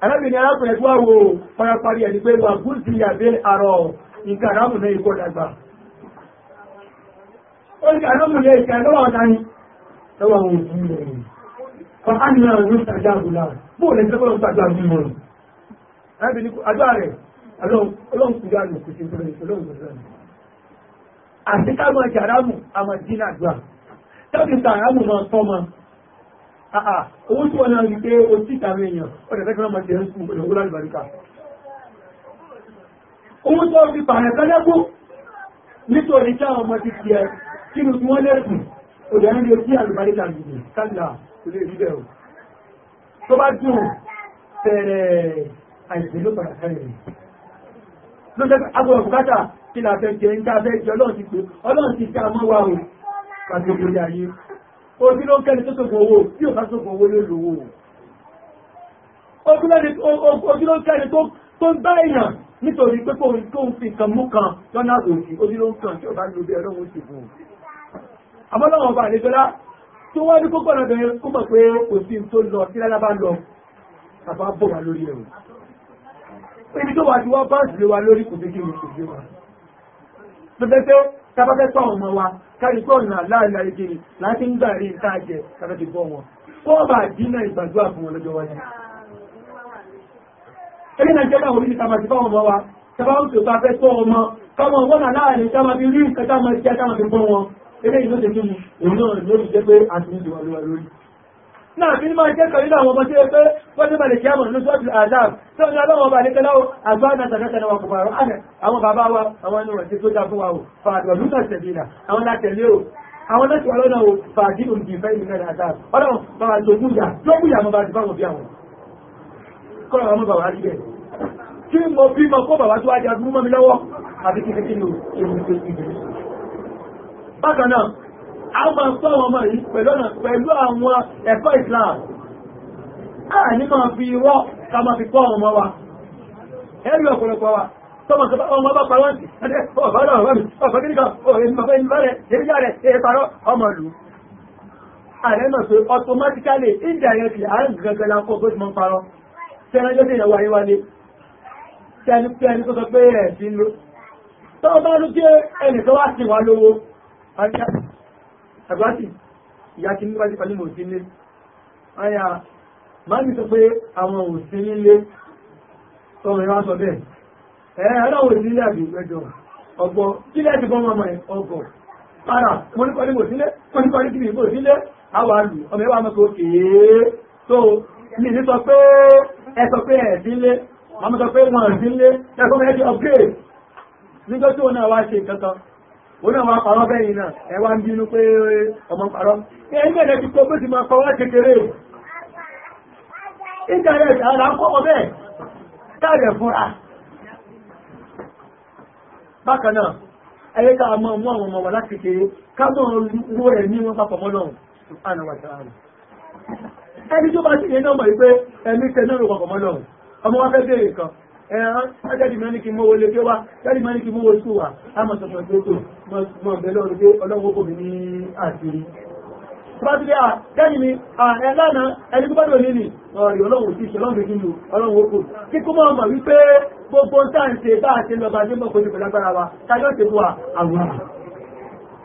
arábìnrin arákùnrin tó wáwo parapari ẹni pé wà gúúsù yàbẹ́ àrọ̀ nǹkan aráàmù náà ikọ̀ dàgbà ó ní aráàmù náà ìkà lọ́wọ́ ọ̀dáyìn lọ́wọ́ àwọn òfin rẹ̀ fa ánìyàn òun tàjá àbúlá bóò lè tẹ́kọ́ ta tọ́ máa Ah, ah. owó tí wọ́n náà rí pé o tí ìtàwé èèyàn ọ̀dẹ̀ fẹ́ kí wọ́n máa jẹ́ ń sùn pẹ̀lú owó láti bàríkà owó tó fi pààyàn kẹ́lẹ́kù nítorí tí àwọn ọmọ ti fi ẹ kí ni wọ́n o tó bá dùn fẹ́rẹ̀ àìsàn ló padà fẹ́rẹ̀ ló jẹ́ agbọ̀rọ̀ bùkátà kí la fẹ́ jẹ́ ń ká fẹ́ jẹ́ ọlọ́run ti pé ọlọ́run ti ká mọ́ wa o pàtó ìgbéyàwó ojú ló ń kẹ́ni tó sògùn owó tí ò bá sògùn owó ló lò ó ojú ló ń kẹ́ni tó ń bá èèyàn nítorí pé kò ń fi nǹkan mú kan lọ́nà òjì ojú ló ń kàn tí ò bá lò bí ẹ̀rọ òun ti bù àmọ́lọ́wọ́n ọba àlejọ́lá tó wá ní kókó ọ̀nà bẹ̀rẹ̀ kó mọ̀ pé kò sí tó lọ sí lára bá lọ bàbá bò wá lórí ẹ̀rù ibi tó wà ti wá bá ìdílé wa lórí kò sí kí n kò sí wa tábàbẹ́ tọ́ ọmọ wa kárí pé ọ̀nà láàrin àìjèrè láti ń gbà rí nǹkan àjẹ kábẹ́ ti bọ́ wọn fọ́ọ̀bà àdínà ìgbàdúrà fún wọn lọ́jọ́ wáyé. eré náà jẹ́ báwọn oríṣi tábà ti fọ́ ọmọ wa tábà ó tó bá fẹ́ tọ́ ọmọ kọ́mọ wọn náà láàrin tábà fi rí nǹkan tábà ti jẹ́ tábà ti bọ́ wọn eré ìlú náà fi máa jẹ́ kàrílà àwọn ọmọ tí ó pé wọ́n tí mẹ́lẹ̀ kíyàmọ̀ ní ṣọ́tù àdáàm tí ó ní aláwọ̀ ọba àdékẹ́láwò àgbáàdà tàbẹ́tẹ̀lẹ̀ wọn kò fàárọ̀ ánẹ̀ àwọn bàbá wa àwọn ẹnu rẹ̀ tí tó já fún wa ò fààdọ̀ lútà tẹ̀bìnà àwọn látẹ̀lé ò àwọn láti wà lọ́nà ò fàájì òǹdì ìfẹ́ ìlú mẹ́rin àdáàm ọlọ́run bá wa lógún yà lógún yà mọ́ bá ti bá wọn bí àwọn kọ́lọ̀ àwọn bàbá rí bẹ́ẹ̀ kí mo bí mọ kó bàbá tó wájà gún mi lọ́wọ́ àbí kí fi kí ni ò a máa sọ àwọn ọmọ yìí pẹ̀lú ọ̀nà pẹ̀lú àwọn ẹ̀kọ́ Islam a ní máa fi irọ́ ká máa fi kọ́ ọmọ wa ẹ̀rí ọ̀pọ̀lọpọ̀ wa tọ́mọ̀ sọ ọmọ ọba ọ̀rẹ́ mi ọ̀fẹ́ mi bá rẹ̀ èmi já rẹ̀ èyí parọ́ ọmọ lù ààrẹ náà pé automatically indirectly àárín gẹ́gẹ́ la kọ́ bó ti mọ́ parọ́ tẹ́rẹ́ lóde ìyàwó ayé wálé tẹ́ni tẹ́ni tó sọ pé ẹ̀ sí ló tọ́ àgbàtì ìyá kí nígbà tí pàlímọ̀ sí ilé ayà máa ní sọ pé àwọn òsìn nílé ọmọ ìwá sọ bẹ́ẹ̀ ẹ̀ẹ́ aláwọ̀ òsìn ilé àbí ìgbẹ́jọ ọgbọ́ sílẹ̀ ti bọ́ ẹ̀ ọgọ̀ padà mo ní pàlímọ̀ sílé mo ní pàlímọ̀ sílé mo sílé àwọn àlù ọmọ ìwá mọ́ sọ kéé tó mi ní sọ pé ẹ sọ pé ẹ̀ sílé màmú òun náà máa parọ́ bẹ́yìn náà ẹ wá ń bínú pé ọmọ parọ́ ẹgbẹ́ rẹ̀ ti kó bó ti máa kọ́ wá kékeré ìdàrẹ̀ àrà kọ́kọ́ bẹ́ẹ̀ dáàrẹ̀ fúnra bákan náà ẹyẹ ká mọ́ mú àwọn ọmọ wà owó rẹ̀ ní mọ́ ẹni tó bá ní nọ́mọ̀ ẹ̀rán jáde mẹ́rin kí mọ́wọ́ lé pé wá jáde mẹ́rin kí mọ́wọ́ sí wà á mọ̀ sọ̀tọ̀ tó tó mọ̀ bẹ̀ lọ́rùn pé ọlọ́wọ́ kò ní àṣírí Tọ́bátí à kẹ́yìn ni ààrẹ lánàá ẹni tó bá lò nínú ọ̀rẹ́ ọlọ́run sí ìṣọ́lọ́run ìjìnlù ọlọ́run òkú. Kí kó máa mọ̀ wípé gbogbo ń tàǹtẹ̀ bá àti lọ́bàá ní mọ̀ pẹ̀lú pẹ̀lágbára wa, tàbí ọ̀tẹ̀kù àwọn àwọn.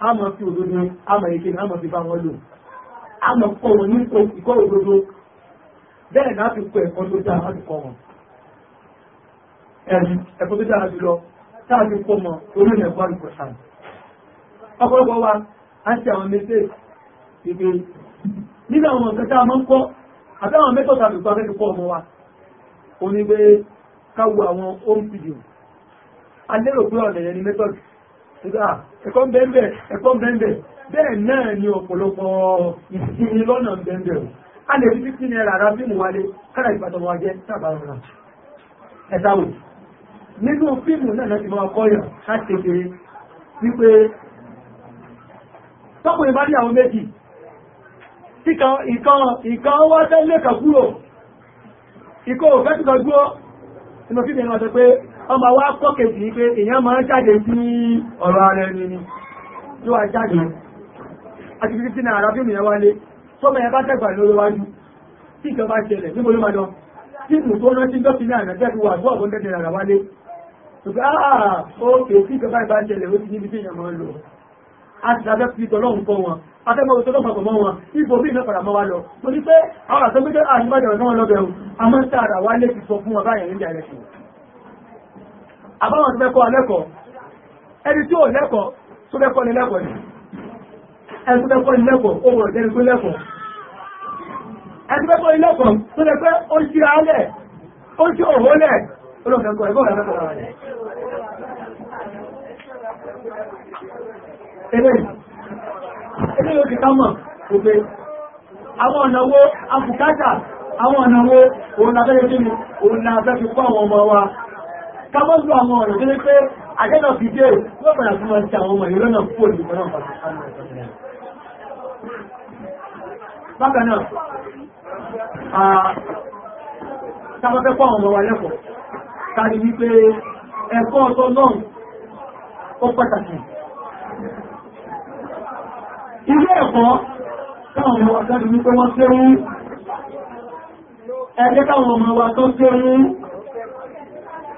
Ama máa fi òdodo a ike a máa fi bá wọn lò a máa wọn ní ìkọ́ òdodo náà fi kọ́ ẹ̀kọ́ tó dáa láti kọ́ wọn ẹ̀kọ́ tó dára jùlọ táàbí kó mọ̀ orí ẹ̀kọ́ àrùkọ̀sán. ọ̀pọ̀lọpọ̀ wa a ti àwọn ìgbé tá a mọ́ ń kọ́ àtàwọn mẹ́tọ̀ tàbí kọ́ akẹ́kọ̀ọ́ kọ́ ọmọ wa ẹ̀kọ́ ń bẹ́ẹ̀ ẹ̀kọ́ ń bẹ́ẹ̀ bẹ́ẹ̀ náà ni ọ̀pọ̀lọpọ̀ ìsinmi lọ́nà ń bẹ́ẹ̀ o a lè rí fífí ní ẹ̀rà fíìmù wálé kára ìbátan wa jẹ́ sábàá rà ẹ̀dáwò nínú fíìmù náà láti máa kọ́yọ̀ láti kékeré wípé tọ́kùnrin bá ní àwọn méjì ọmọ wá kọ́kẹ̀ẹ́jì pé èyàn máa jáde sí ọ̀rọ̀ ààrẹ ni ni tí wà jáde àti títí náà àrá fíìmù yẹn wálé sọ́mọ ẹ bá tẹ́gbà lóríwájú tí ìjọba ṣẹlẹ̀ níbo ló máa lọ tí mù tó rántí lọ́sí náà nàjẹ́ fi wà tó ọ̀gbọ́n tẹ́tẹ̀ náà wálé ṣùgbọ́n àà ókè tí ìjọba ìbá ṣẹlẹ̀ ó ti níbi tí èèyàn máa lọ a ti dábẹ́ fi tọ́lọ́hun kọ́ wọn afẹ́mọ́ òṣèlú ọmọ ọmọ wọn ibò bí ìmẹ́fàdà mọ́ wa lọ mo ní pé àwọn àtọ́gbẹ́jọ́ àyíbájọ́ ọ̀nà wọn lọ́bẹ̀ẹ́hùn a máa ń tààrà wá lé ti sọ fún ọba ìrìn ìjà ẹ̀rẹ́ṣìn àbáwọn ti fẹ́kọ́ alẹ́kọ̀ọ́ ẹni tí ò lẹ́kọ̀ọ́ tó fẹ́kọ́ ni lẹ́kọ̀ọ́ ni ẹni tó fẹ́kọ́ ni lẹ́kọ̀ọ́ ó wọ̀ jẹ́ni tó lẹ́kọ̀ọ́ ẹni fẹ́kọ́ ni lẹ́kọ̀ọ́ tó lẹ́ pé ó ṣí alẹ́ ó ṣí òhó lẹ̀ olóòfẹ́kọ́ ẹgbọ́n lẹ́kọ̀ọ́ rẹ̀ eléyìí eléyìí ó ti ká mọ̀ òpé àwọn ọ̀nà wo afùkátà àwọn ọ̀nà wo òun làbẹ́ kámọ́lù àwọn ọ̀rọ̀ tó lé pé àjẹ́nà fìdíè ló padà fún wọn ti àwọn ọmọ ìlú náà kúrò nìkan náà padà bákan náà tábọ́fẹ́ pọ́ àwọn ọmọ wa lẹ́kọ̀ọ́ kárí wípé ẹ̀kọ́ ọ̀tọ́ náà ó pàtàkì ilé ẹ̀kọ́ táwọn ọmọ wa kárí wípé wọ́n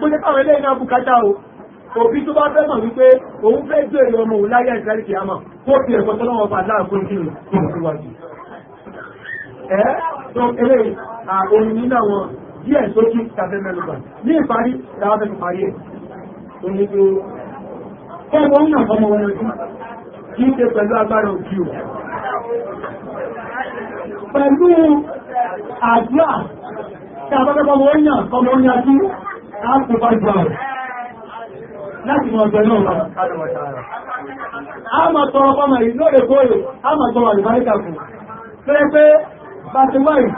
tó jẹ́ káwọn eléyìí náà bùkátà o òbí tó bá fẹ́ mọ̀ wípé òun fẹ́ gbé èrè ọmọ òun láyé àìsàn ìkìyà mọ̀ kó fi ẹ̀kọ́ tó lọ́wọ́ bá láàrín fún kí n síwájú. ẹ tó eléyìí òun nínú àwọn díẹ̀ sókí tàbí mẹ́lúbà ní ìparí tàbí fẹ́ parí ẹ̀ tó ní pé ọmọ òun náà fọmọ wọn lójú kì í ṣe pẹ̀lú agbára òbí o pẹ̀lú àdúrà tàbí fẹ́ fọmọ òun náà fọmọ òun yájú láti mọ̀ ọ̀gbẹ̀ náà lọ. A máa tọrọ fọ́mọ̀ yìí lóòrèkóòrè, a máa tọrọ àlùbáríkà fún. Fẹ́ pé bá ti wáyìí,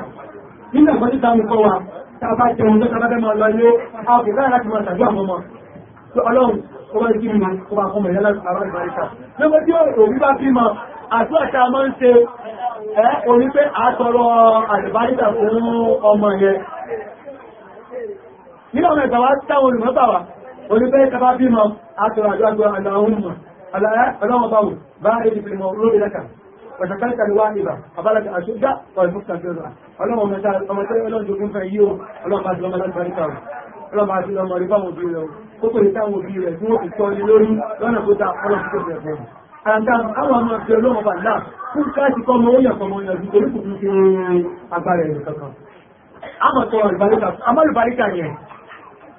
nínú ẹ̀kọ́ títà mú kọ́ wa, tàbá jẹun tó tàbá mọ́ lọ ilé, a kò láì láti máa tàbí àwọn ọmọ. Ọlọ́run, kó bá kí mi, kó bá fọ́mọ̀ yẹn láti àlùbáríkà. Lọ́wọ́ tí òbí bá bímọ, àtúwà tá a máa ń ṣe, ẹ́ orí pé a tọrọ àlùbáríkà fún ọmọ yẹn nínú ọmọ ẹ̀gbà wá táwọn olùmọ́gbà wá olùfẹ́ kaba bí mọ àtọ̀rọ̀ àjọ àjọ àjọ àwọn olùmọ̀ ọlọ́wọ́ báwò bá èdè fi mọ olóbi lẹ́kà ọ̀sọ̀kẹ́lẹ́kà ni wá ìbà abálàkà àṣúgbà ọ̀rẹ́mùsà fẹ́ràn ọlọ́wọ́ mẹ́ta ọmọ tẹ́lẹ̀ ọlọ́jọ́gún fẹ́ yíò ọlọ́pàá ti lọ́mọ láti ọlọ́mọ àti ọmọ rí fáwọn òbí rẹ̀ kó pè táwọn òbí rẹ̀ tí wọ́n fi tọ́ ní lórí lọ́nà tó dá ọlọ́pàá tó bẹ̀rẹ̀ fún àǹtà àwọn ọmọ ti ọlọ́mọ bà náà fún káàkiri kọ́ ọmọ òyìn ọmọ òyìn ọdún torí kò tún fi agbára ẹ̀rọ kankan. àmọ̀ tọrọ àlùbáríkà yẹn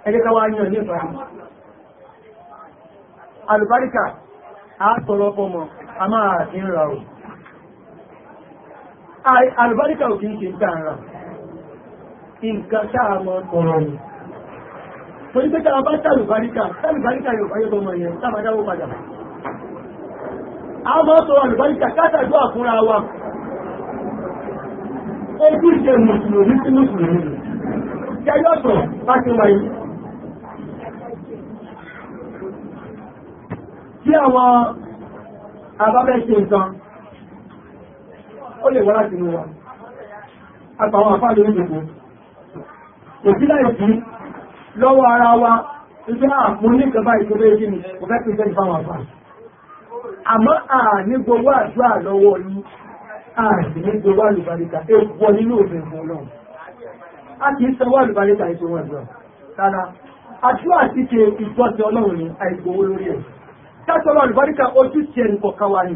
ẹjẹ́ ká wá yàn ní ìfà alùbáríkà àtọ̀rọ̀ fọmọ a máa kí ń ra o alùbáríkà ò kí ń ṣe gbà ń ra nǹkan táà mọ́ tọ̀rọ̀ ni torí pé tàbá tàlùbáríkà tàlùbáríkà yóò fayé tọmọ yẹn tàbádáwó padà a máa tọrọ alùbáríkà kátàjú àfúnra wa ojú ìṣe mùsùlùmí sí mùsùlùmí kẹyọ́tọ̀ bá ti wáyé tí àwọn àbábẹ́ ṣe nǹkan ó lè wá láti mú wa àtàwọn àfáà lórí gbogbo kò sí láì sí lọ́wọ́ ara wa ìgbé àmú ní ìjọba ìjọba èdè ni kò fẹ́ pèsè ìfáwọn àfáà àmọ́ à ní gbogbo àdúrà lọ́wọ́ ní àti ní gbogbo àlùbáríkà èèwọ̀ nínú òfin fún náà a kì í sanwó àlùbáríkà ìṣòwò àdúrà rárá àdúrà ti ṣe ìjọsìn ọlọ́run ní àìgbowó lórí ẹ̀ tásọ̀rọ̀ àlùbáríkà ojúṣe ẹni kọ̀ọ̀kan wa ni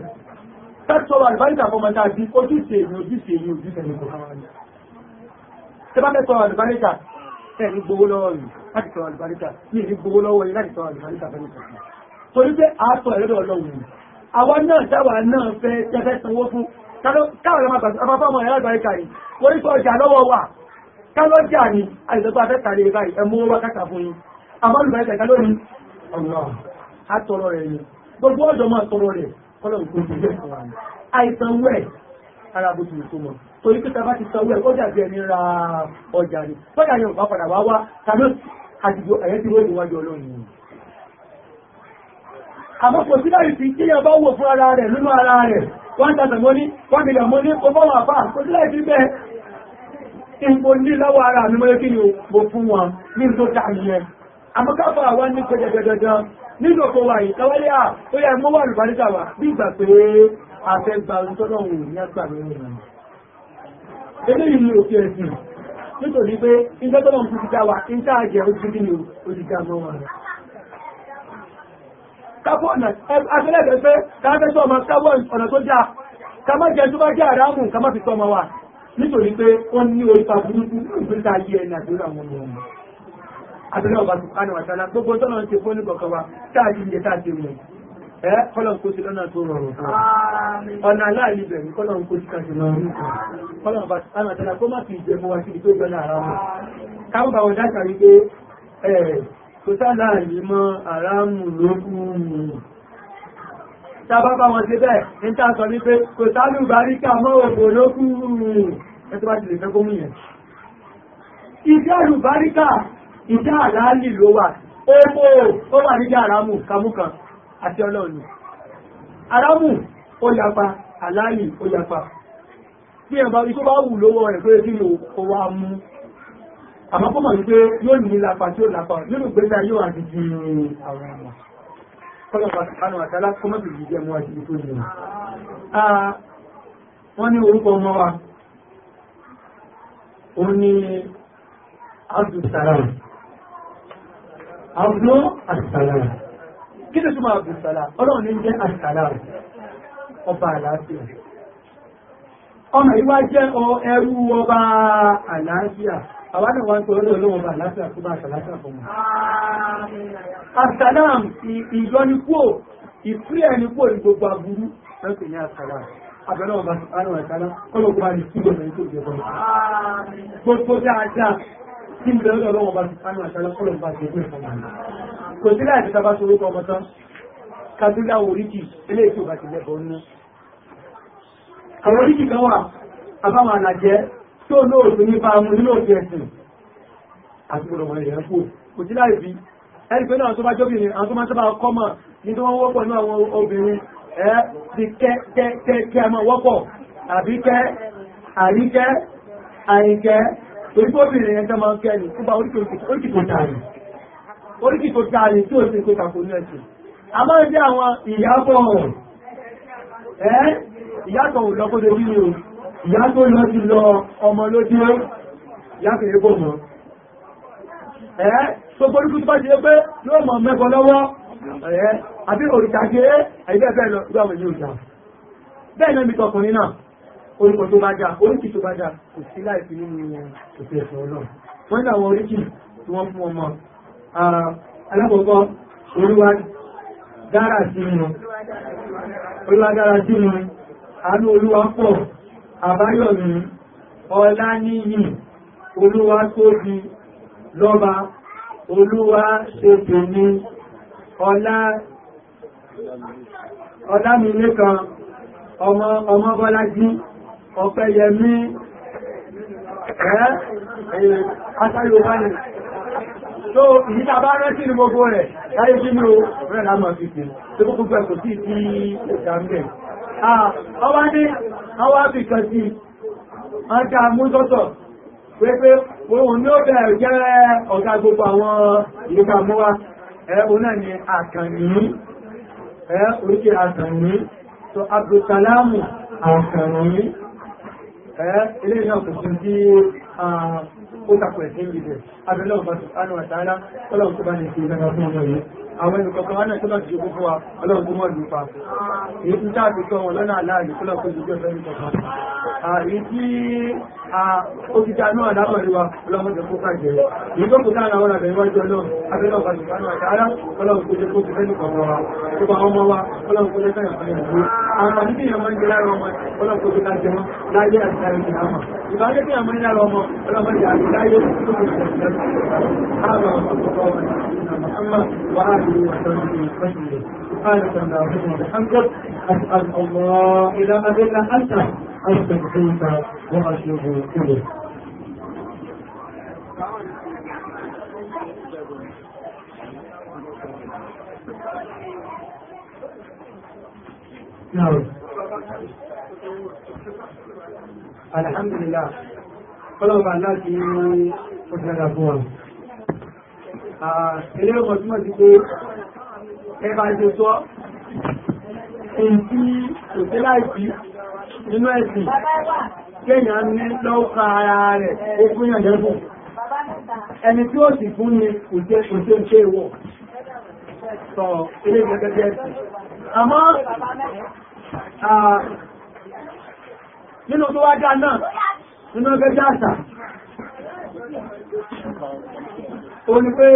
tásọ̀rọ̀ àlùbáríkà fọmọ náà di ojúṣe èmi ojúṣe èmi ojúṣe ẹni kọ̀ọ̀kan wa ni. tẹ́ bá fẹ́ sọ̀rọ̀ àlùbáríkà ẹ̀ ní gbowó lọ́wọ́ yìí láti sọ̀rọ̀ àlùbáríkà yìí ní gbowó lọ́wọ́ yìí láti sọ̀rọ̀ àlùbáríkà fẹ́ nìkan. torí pé àátọ̀ ẹ̀rọ ọlọ́run ni àwa náà dáwà náà fẹ́ tẹ́fẹ́ sanwó fún káwọn ọmọ àbáfọ́ ọmọ ẹ̀rọ àlùbáríkà yìí wọ́n ní sọ ọjà lọ́wọ́ àtọ̀rọ̀ rẹ̀ ni gbogbo ọ̀dọ̀ máa tọ̀rọ̀ rẹ̀ kọ́lọ̀ ìgbòkè jẹ́ àìsàn wẹ̀ ara bó ti lè tó mọ̀ torí pé ta bá ti sanwó ẹ̀ ó dàbí ẹni ra ọjà ni bọ́dà yẹn bá padà wá wá tàbí àtìgbò ẹ̀yẹ́ ti wọ́n níwájú ọlọ́run yìí àmọ́ kò sí láì fi kí yẹn bá wò fún ara rẹ̀ nínú ara rẹ̀ wọ́n tàbí mọ́ ní wọ́n mílẹ̀ mọ́ ní ọgbọ́n wà fà kò sí láì fi bẹ́ẹ̀ ìpò ní lọ́wọ́ ara mi mọ́ kí ni mo fún wọn ní tó dà nìyẹn àmọ́ káfà wá ní pẹ́jẹjẹjẹjẹ nínú ọkọ̀ wà yìí à ó yẹ mọ́ wà lùbáríkà wà bí ìgbà pé àfẹ́gbà tọ́lọ̀ òun ní àgbà mẹ́rin rẹ̀. eléyìí ni òkè ẹ̀sìn nítorí pé iṣẹ́ tọ́lọ̀ ń fi dá wa iṣẹ́ àjẹ́ ó mọ́ wa rẹ̀. kábọ̀ ọ̀nà afẹ́lẹ́fẹ́ ọmọ kábọ̀ ọ̀nà tó já ká má tó bá jẹ́ àrámù ká fi tọ́ ọmọ wa nítorí pé wọ́n ní orí pa ìgbésà ayé ẹni àdúrà wọn ni wọn àtúnlẹ̀ ọba sùkánù àtàlà gbogbo tọ́nà ń fún ní kọ̀ọ̀kan wa táàtì jẹ táàtì mu ẹ kọ́lọ̀ ń kó sí lọ́nà tó rọrùn ọ̀nà aláàlú bẹ̀rẹ̀ kọ́lọ̀ ń kó sí káàtì lọ́rùn kọ́lọ̀ ọba tó gbọ́nà ní tá a ìjà àlàálì ló wà owó ó wà níjà àràmù kàmúkan àti ọlọ́ọ̀lù àràmù ó yapa àlàálì ó yapa bí ẹ̀bá ikú bá wù lówó rẹ̀ pé kí ó wá mú àmọ́ kó mọ̀ wípé yóò ní lápá tí ó lápá nínú gbẹ́gbẹ́ ayé wà ní ju àwọn ọmọ kọ́lọ̀pàá sàkánù àtàlá kó mọ̀ bìí jẹ́ mú àti ìtò ìlú wọ́n ní Abdul Salam abúlọ́ àṣàlá kí ló túnmọ̀ àbùsàlá ọlọ́run ní jẹ́ àṣàlá ọba àlàáfíà ọmọ ìwá jẹ́ ẹrú ọba àlàáfíà àwádìí wọn tó lóòrò ọba àlàáfíà tó bá àṣàlá fún mi àṣàlá ìyọnikó ìfúrí ẹnikó ní gbogbo aburú ẹnkù ní àṣàlá abẹ́lẹ́ ọba àrùn àṣàlá kọ́lọ́gbọ́ tí bẹ̀rẹ̀ lọ́dọ̀ lọ́wọ́ bá ti sánú àṣàlá kọ́lọ̀ bá ti ẹgbẹ́ ìfọ̀mọ̀ àná kò sí láti tábá sọ orúkọ ọmọ tán kábílá oríkì ilé ètò bá ti lẹ́bọ̀ nínú àwọn oríkì kan wà abáwọn àlàjẹ́ tí ó lóòtú ní bá mú nínú òfin ẹ̀sìn àti gbọdọ̀ mọ̀ ẹ̀yẹ́ kú kò sí láì fi ẹni pé náà tó bá jóbìnrin àwọn tó máa sábà kọ́ mọ̀ ní tó wọ́n wọ́pọ̀ ní àwọn obìnrin ẹ́ ti kẹ́ kẹ́ kẹ́ kẹ́ a wọ́pọ̀ àbíkẹ́ àríkẹ́ àríkẹ́ torí bóbìnrin yẹn máa ń kẹ́ni tó bá oríkì tó dáre oríkì tó dáre tí ó ṣe pé kàkó ní ẹ̀sìn a máa ń jẹ́ àwọn ìyàbọ̀ ẹ́ ìyàtọ̀ òlọ́kóde nínú ìyá tó lọ ti lọ ọmọ lójú yàtọ̀ èébò mọ́ ẹ́ tó gbórúkú tó bá jẹ́ pé yóò mọ̀ mẹ́bọ lọ́wọ́ ẹ́ àbí òrìṣàgé ẹ̀ẹ́dẹ́gbẹ́ lọ gbọ́mọ̀ ní òjà bẹ́ẹ̀ orúkọ tó bá já oríkì tó bá já kò sí láìsí nínú òfin ẹ̀sìn ọlọ́run wọ́n ní àwọn oríkì tí wọ́n fún ọmọ alákọ̀ọ́kọ́ olúwa dára sí inú olúwa dára sí inú àánú olúwa pọ̀ àbáyọ̀mí ọlá níyì olúwa tóbi lọ́ba olúwa ṣètò ní ọlá ọlá mi lẹ́kan ọmọ ọmọ bọ́lá jí ọ̀pẹ́ yẹmí ẹ́ aṣáyò bá ní tó ìyíta bá rẹ́ sí ní gbogbo rẹ̀ láyé kí ní o rẹ̀ lámọ̀ fífún tó kókó pẹ̀ kò sí sí ìjàmbẹ̀ ọwá ní ọwá fi kàn sí ọjà mújọ́tọ̀ pépé òun ní ó bẹ̀rẹ̀ jẹ́ ọ̀gá gbogbo àwọn ìlúkà mọ́wá ẹ̀rọ náà ni àkànní ẹ̀ oríkè àkànní tó Abdulsalamu àkànní ilé náà kò sí sí ó takọ̀ ẹ̀sìn ìbílẹ̀ abẹ́lẹ́ ọ̀bá sùpánù àtàlá ọlọ́run tó bá lè fi ìlànà fún ọmọ yìí àwọn ẹnìkan kan náà tó lọ sí ogún wa ọlọ́run tó mọ̀ lù pa èyí tí táàbì tó wọn lọ́nà aláàlú tó òkìta náà alábàríwá ọlọ́mọdé kó káàkiri ìgbókò láàrín àwọn àbẹ̀wájọ́ náà abẹ́lọ́pàá ìgbàlọ́ àtàrà ọlọ́run kó jẹ́ kó ti fẹ́ nìkan mọ́ wa tó bá ọmọ wa ọlọ́run kó jẹ́ káyàn fún ìlú àwọn àníbí ìyàmọ́ ń jẹ́ lára ọmọ ọlọ́run kó jẹ́ káàkiri wọn láyé àti láyé ìyàmọ́ ìbájẹ́ kí àmọ́ ń lára ọmọ ọlọ́run kó jẹ́ láyé tó kò jẹ́ káàkiri wọn. سبحانك اللهم وبحمدك أسأل الله إلى أذل أنت التوحيد وأشير إليه نعم الحمد لله ọlọ́ọ̀bà láti ọ̀sẹ̀dà fún wa. Ilé ọkọ̀ túnmọ̀ sí pé ẹbá ṣe sọ, èyí tí kò sí láìsí nínú ẹ̀sìn kéèyàn ní lọ́ọ̀kà ara rẹ̀ ó fún yàn lẹ́bùn ẹni tí ó sì fún ni kò jẹ́ ṣe wọ̀ sọ ilé gẹ́gẹ́gẹ́ ẹ̀sìn àmọ́ nínú tó wá dá náà nínú gẹ́gẹ́ àṣà ó ní pé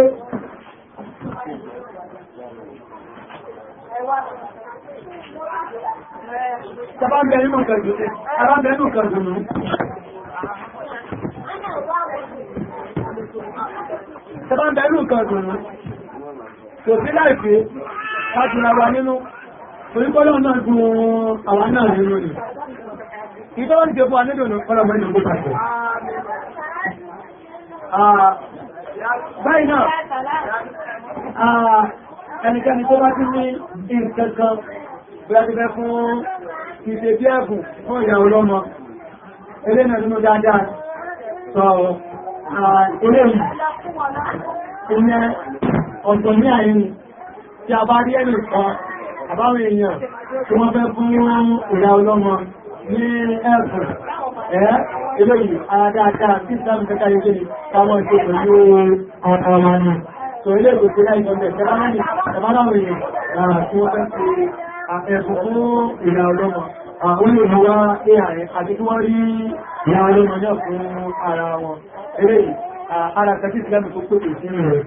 Tàbá bẹ bẹ nínú kẹ̀dùnú. Tàbá bẹ Kò sí láìpé, kájúra wa nínú, orípọ́lọ́ náà dùn àwọn náà nínú rẹ̀. Ìtọ́ ń jẹ́ fún anídòrò kọ́lọ̀mọ́ ìlú kó pàtàkì. Báyìí náà, ẹnikẹ́ni tó bá ti ní ìkẹ́kọ̀ọ́ bóyá ti fẹ́ fún ìṣe bí ẹ̀bùn fún ìyàwó lọ́mọ eléyìí náà dúró dáadáa sọ eléyìí ìyẹn ọ̀sọ̀ ní àyìn tí a bá rí ẹ̀rì kan àbáwọn èèyàn tí wọ́n fẹ́ fún ìyàwó lọ́mọ ní ẹ̀bùn ẹ̀ eléyìí àdáadáa tí sáàmù kẹta yóò gbé káwọn ìṣe pẹ̀lú ọmọ ọmọ náà so eléyìí kò sí láì lọ́mọ ẹ̀kẹ́ láwọn èèyàn tí wọ́n fẹ́ fún ẹ̀sùn fún ìyá ọlọ́mọ àwọn olè wá ai àti tí wọ́n rí ìyá ọlọ́mọ náà fún ara wọn eléyìí ara kẹsí ìsìlámù tó pèpè sí rẹ̀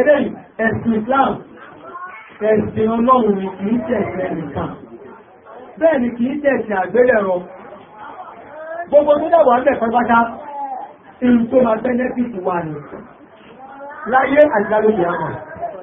eléyìí ẹ̀sùn islam ẹ̀sìn ọlọ́run ni kìí tẹ̀sẹ̀ nìkan bẹ́ẹ̀ ni kìí tẹ̀sẹ̀ àgbélẹ̀rọ gbogbo tó dẹ̀wà ń bẹ̀fẹ́ pátá ìlú tó máa benefit wà ní láyé àti lálóyè àwọn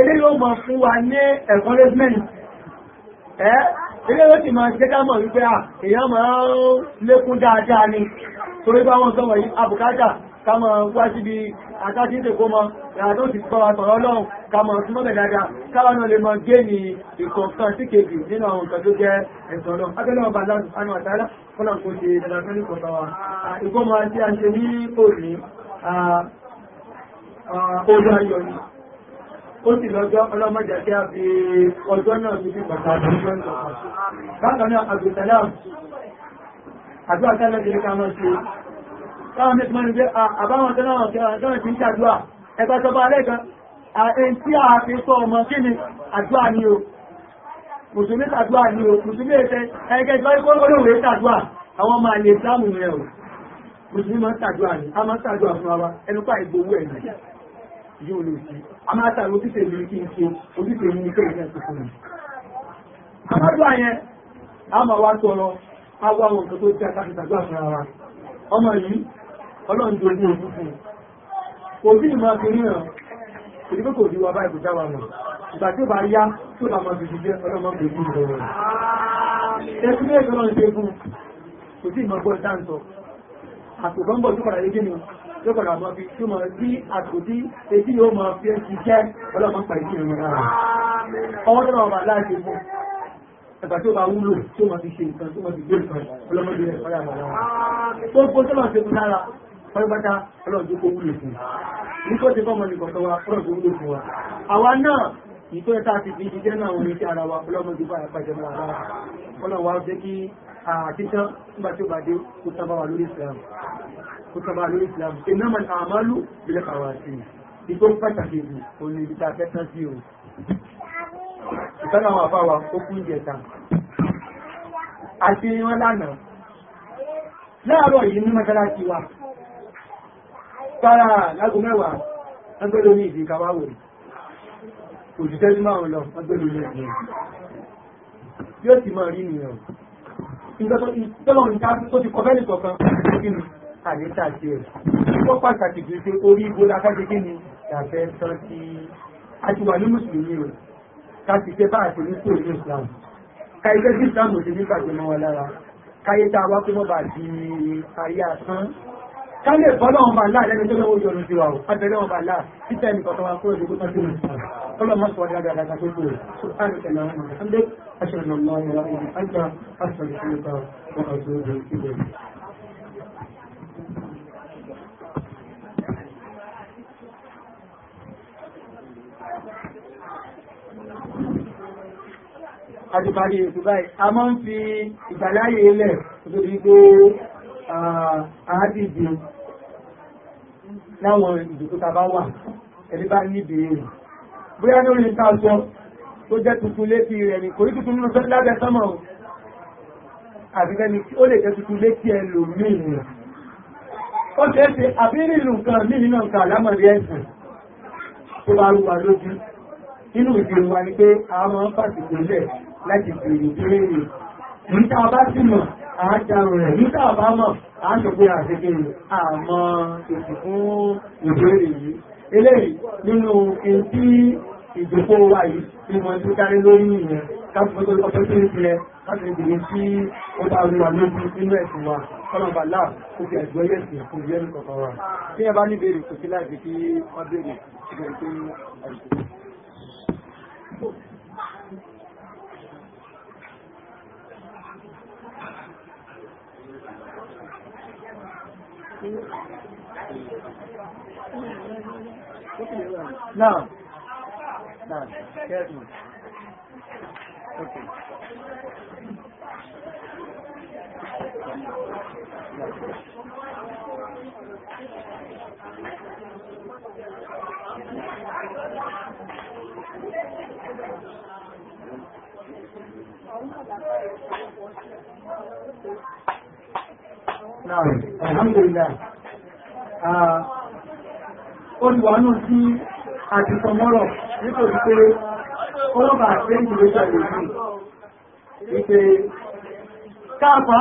ilé yóò mọ̀ fún wa ní encouragement ẹ́ ilé yóò ti máa jẹ́ ká mọ̀ wípé à èyàn máa ń lékún dáadáa ni torí bá wọn sọ́wọ́ yìí abùkátà ká mọ̀ wá síbi àtàtí ìdèkó mọ ìyàtọ̀ ti sọ àtọ̀rọ̀ lọ́hùn ká mọ̀ sí mọ́lẹ̀ dáadáa káwa náà lè mọ gé ní ìkọ̀ọ̀kan sí kejì nínú àwọn nǹkan tó jẹ́ ẹ̀sọ̀ lọ abẹ́lẹ́ ọba lánàá àtàlá fọ́nà kò ṣe ìdàgbàsókè kọ̀ọ̀kan wa ìkọ́mọ tí a ṣe ní òní ọjọ́ ayọ̀ ni ó sì lọ́jọ́ ọlọ́mọjà tí a fi ọjọ́ náà ti fi pàtàkì ọjọ́ náà. Bákan náà, àgbẹ̀sàlám, àdúrà tẹ́lẹ̀ jẹ́ ká mọ́ sí. Táwọn mẹ́tí mọ́ni pé àbáwọn tẹ́lẹ̀ wọn kí wọ́n ti ń ṣàdúrà, ẹgbẹ́ sọba alẹ́gan, àyẹn tí a fi sọ ọmọ kí ni àdúrà ni o. Mùsùlùmí ṣàdúrà ni o, Mùsùlùmí ètẹ, ẹgẹ́ ìjọ ikọ́ olóòwe ṣàdúrà, àwọn ọmọ àlè ìsìlámù rẹ̀ o. Mùsùlùmí máa ń ṣàdúrà a máa ń ṣàdúrà fún wa, ẹnu pa ìgbowó ẹ̀ yóò lè ṣe a máa tàbí ojúṣe mi kí n ṣe ojúṣe mi kí n ṣe fún mi. àmọ́jú àyẹn a máa wá tọrọ a wá tó jẹ́ àtàkìtàgbà fún ara ọmọ yìí ọlọ́run ní òkú kò sí ìmọ̀ kò kò báyìí kò já wa mọ̀ ìgbà tí ó bá yá tí ó bá ọlọ́mọ yóò padà máa fi túmọ̀ sí àtòdí etí yóò máa fi ẹ́ ti jẹ́ ọlọ́mọ pa ìdí ìrìn rárá ọwọ́ tó máa bà láti mú ẹ̀bà tí ó máa wúlò tí ó máa fi ṣe nǹkan tí ó máa fi gbé nǹkan ọlọ́mọdé rẹ̀ padà bà lára gbogbo tó máa fi mú lára pátápátá ọlọ́dún kó wúlò fún wa ní tó ti fọ́ ọmọ nìkan wa ọlọ́dún wúlò fún wa àwa náà ìtọ́ ẹ̀ta ti fi jíjẹ́ náà wọn ní sí ara wa ọlọ́mọdé bá ẹ̀pàjẹ́ mọ́ ara ọlọ́wà jẹ́ kí àtítán ah, nígbà tí ó bá dé kó sábà wà lórí Islam kó sábà amalu lórí Islam iná mọ̀ àmàlù ilẹ̀ kàwà sí i igbó pàtàkì ìlú òní ibi tá a fẹ́ tán sí o ìtọ́nà àwọn àfáwà ó kú ìjẹta àti wọn lánàá láàárọ̀ yìí ní mọ́sálásí wa sára lágùn mẹ́wàá ẹgbẹ́ lórí ìdí kàwáwò òjìṣẹ́ sí máa ń lọ ẹgbẹ́ lórí ìdí yóò sì máa rí nìyàn ìtọ́lọ́run ká tó ti kọfẹ́ nìkan kan kí ni àdéta ti ẹ̀ wọ́n pàtàkì jù pé orí ibo la fẹ́ ṣe kí ni làfẹ́ tán ti àtiwà ní mùsùlùmí rẹ̀ ká ti fẹ́ bá àti ní kúrò ní Islam ká ilé sí Islam ò ti ní gbàgbé mọ́ wọn lára káyé tá a wá pé wọ́n bá di ayé asán kálẹ̀ fọ́lọ́wọ́n bá láà lẹ́nu tó lọ́wọ́ ìjọrù sí wa ó abẹ́lẹ́wọ́n bá láà títẹ́ nìkan tó wá kúrò lókún tó dùn ọlọ́ mọ́ sọ́wọ́ dáadáa láta tó kúrò سبحانك اللهم وبحمدك ètò báyìí a máa ń fi ìgbàláyé ilẹ̀ tó ah, ti gbé àádìdì láwọn ìdòkó tàbá wà ẹ̀rí bá níbi èrè bóyá ní orí ìta sọ tó jẹ́ tuntun létí rẹ̀ ní kòrí tuntun nínú lábẹ́ sánmọ̀ o àbíkẹ́ ni ó lè jẹ́ tuntun létí ẹ lò míì rẹ̀ ó ṣe é ṣe àbírí ìlú nǹkan ní nínú nǹkan àlámọ̀rí ẹ̀sìn tó bá rú wa lójú nínú ìdíru wa ni pé àwọn máa ń fàṣìkò lẹ̀ láti bèrè bèrè ní tá a bá sì mọ̀ àájàrùn rẹ̀ ní tàbá mọ̀ àṣòpé àṣekèrè àmọ́ èsì fún ìbéèrè yìí eléyìí nínú ẹntí ìjòkó wa yìí tí wọ́n ti dárí lórí ìyẹn káfíńtò ọjọ́ tó ń tilẹ̀ láti ìdílé tí ó bá wíwà lójú nínú ẹ̀sìn wa kọ́lọ̀mbà láà kò fi ẹ̀gbọ́ yẹ̀sìn kò yẹ́ nìkọ̀ọ̀kan wa tí ẹ bá ní béèrè kò sí láì fi kí wọ́n béèrè ṣùgbọ́n tó ń àìsàn نعم نعم اوكي نعم الحمد لله آه olùwánú sí àtìsọmọ́rọ̀ nítorí pé ọlọ́bà àti ìgbèjà lòdì ìpé káàkùn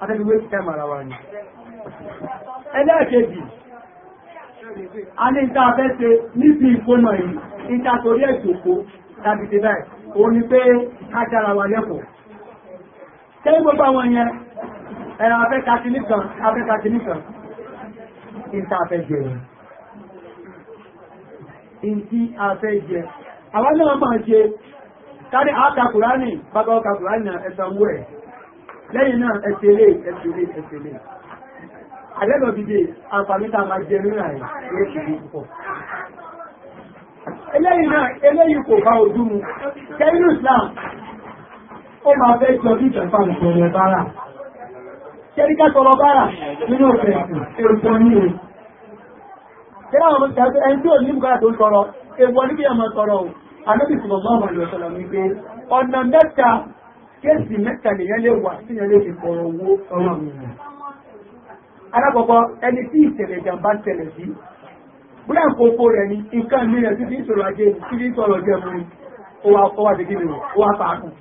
àtẹ́gbẹ́ tẹ́mà ara wa ni ẹlẹ́ẹ̀kejì a ní ìta afẹ́ṣe níbi ìkónà yìí níta torí ẹ̀sùkó tàbí ti báyìí o ní pé kájára wa lẹ́kọ̀ọ́ tẹ́ gbogbo àwọn yẹn ẹ̀rọ afẹ́kàtì nìkan afẹ́kàtì nìkan ìta afẹ́ jẹ rẹ̀. Ìntí afẹ́ jẹ. Àwọn náà máa ṣe kárí àkàkùránì, bàbá ọkàkùránì ẹ̀sànwó ẹ̀. Lẹ́yìn náà ẹ̀sẹ̀lẹ̀ ẹ̀sẹ̀lẹ̀ ẹ̀sẹ̀lẹ̀. Àlẹ́lọ dìde àǹfààní a máa jẹ rírà ẹ̀ lóṣèlú púpọ̀. Eléyìí náà, eléyìí kò bá ojú mu. Kẹ́rù Islam, ó máa fẹ́ jọ bí Ṣẹ́ríká sọ̀rọ̀ bára nínú òfin èrùpọ̀ ní èrè. Ṣẹ́rá ọmọ ìṣẹ́gbẹ́ ẹni tí ò ní bùkátà tó sọ̀rọ̀, èwọ̀ ní bí ẹmọ sọ̀rọ̀ o, àdébì sọ̀rọ̀ mọ́ ọmọ ìlú ọ̀sọ̀rọ̀ wípé ọ̀nà mẹ́ta kéèsì mẹ́ta nìyẹn lè wà sí ẹlé ìfọ̀rọ̀ owó ọ̀rọ̀ mi. Alákọ̀ọ́kọ́ ẹni tí ìṣẹ̀lẹ̀ ìjàmbá ṣẹlẹ̀ sí. Búrẹ́ kòkó rẹ̀ ni nǹkan mi rẹ̀ títí ìṣòro ajé títí ìṣòro jẹ́ mu ni ó wá fọwọ́ sí kí ni ó wá fàákùn.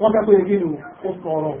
Wọ́n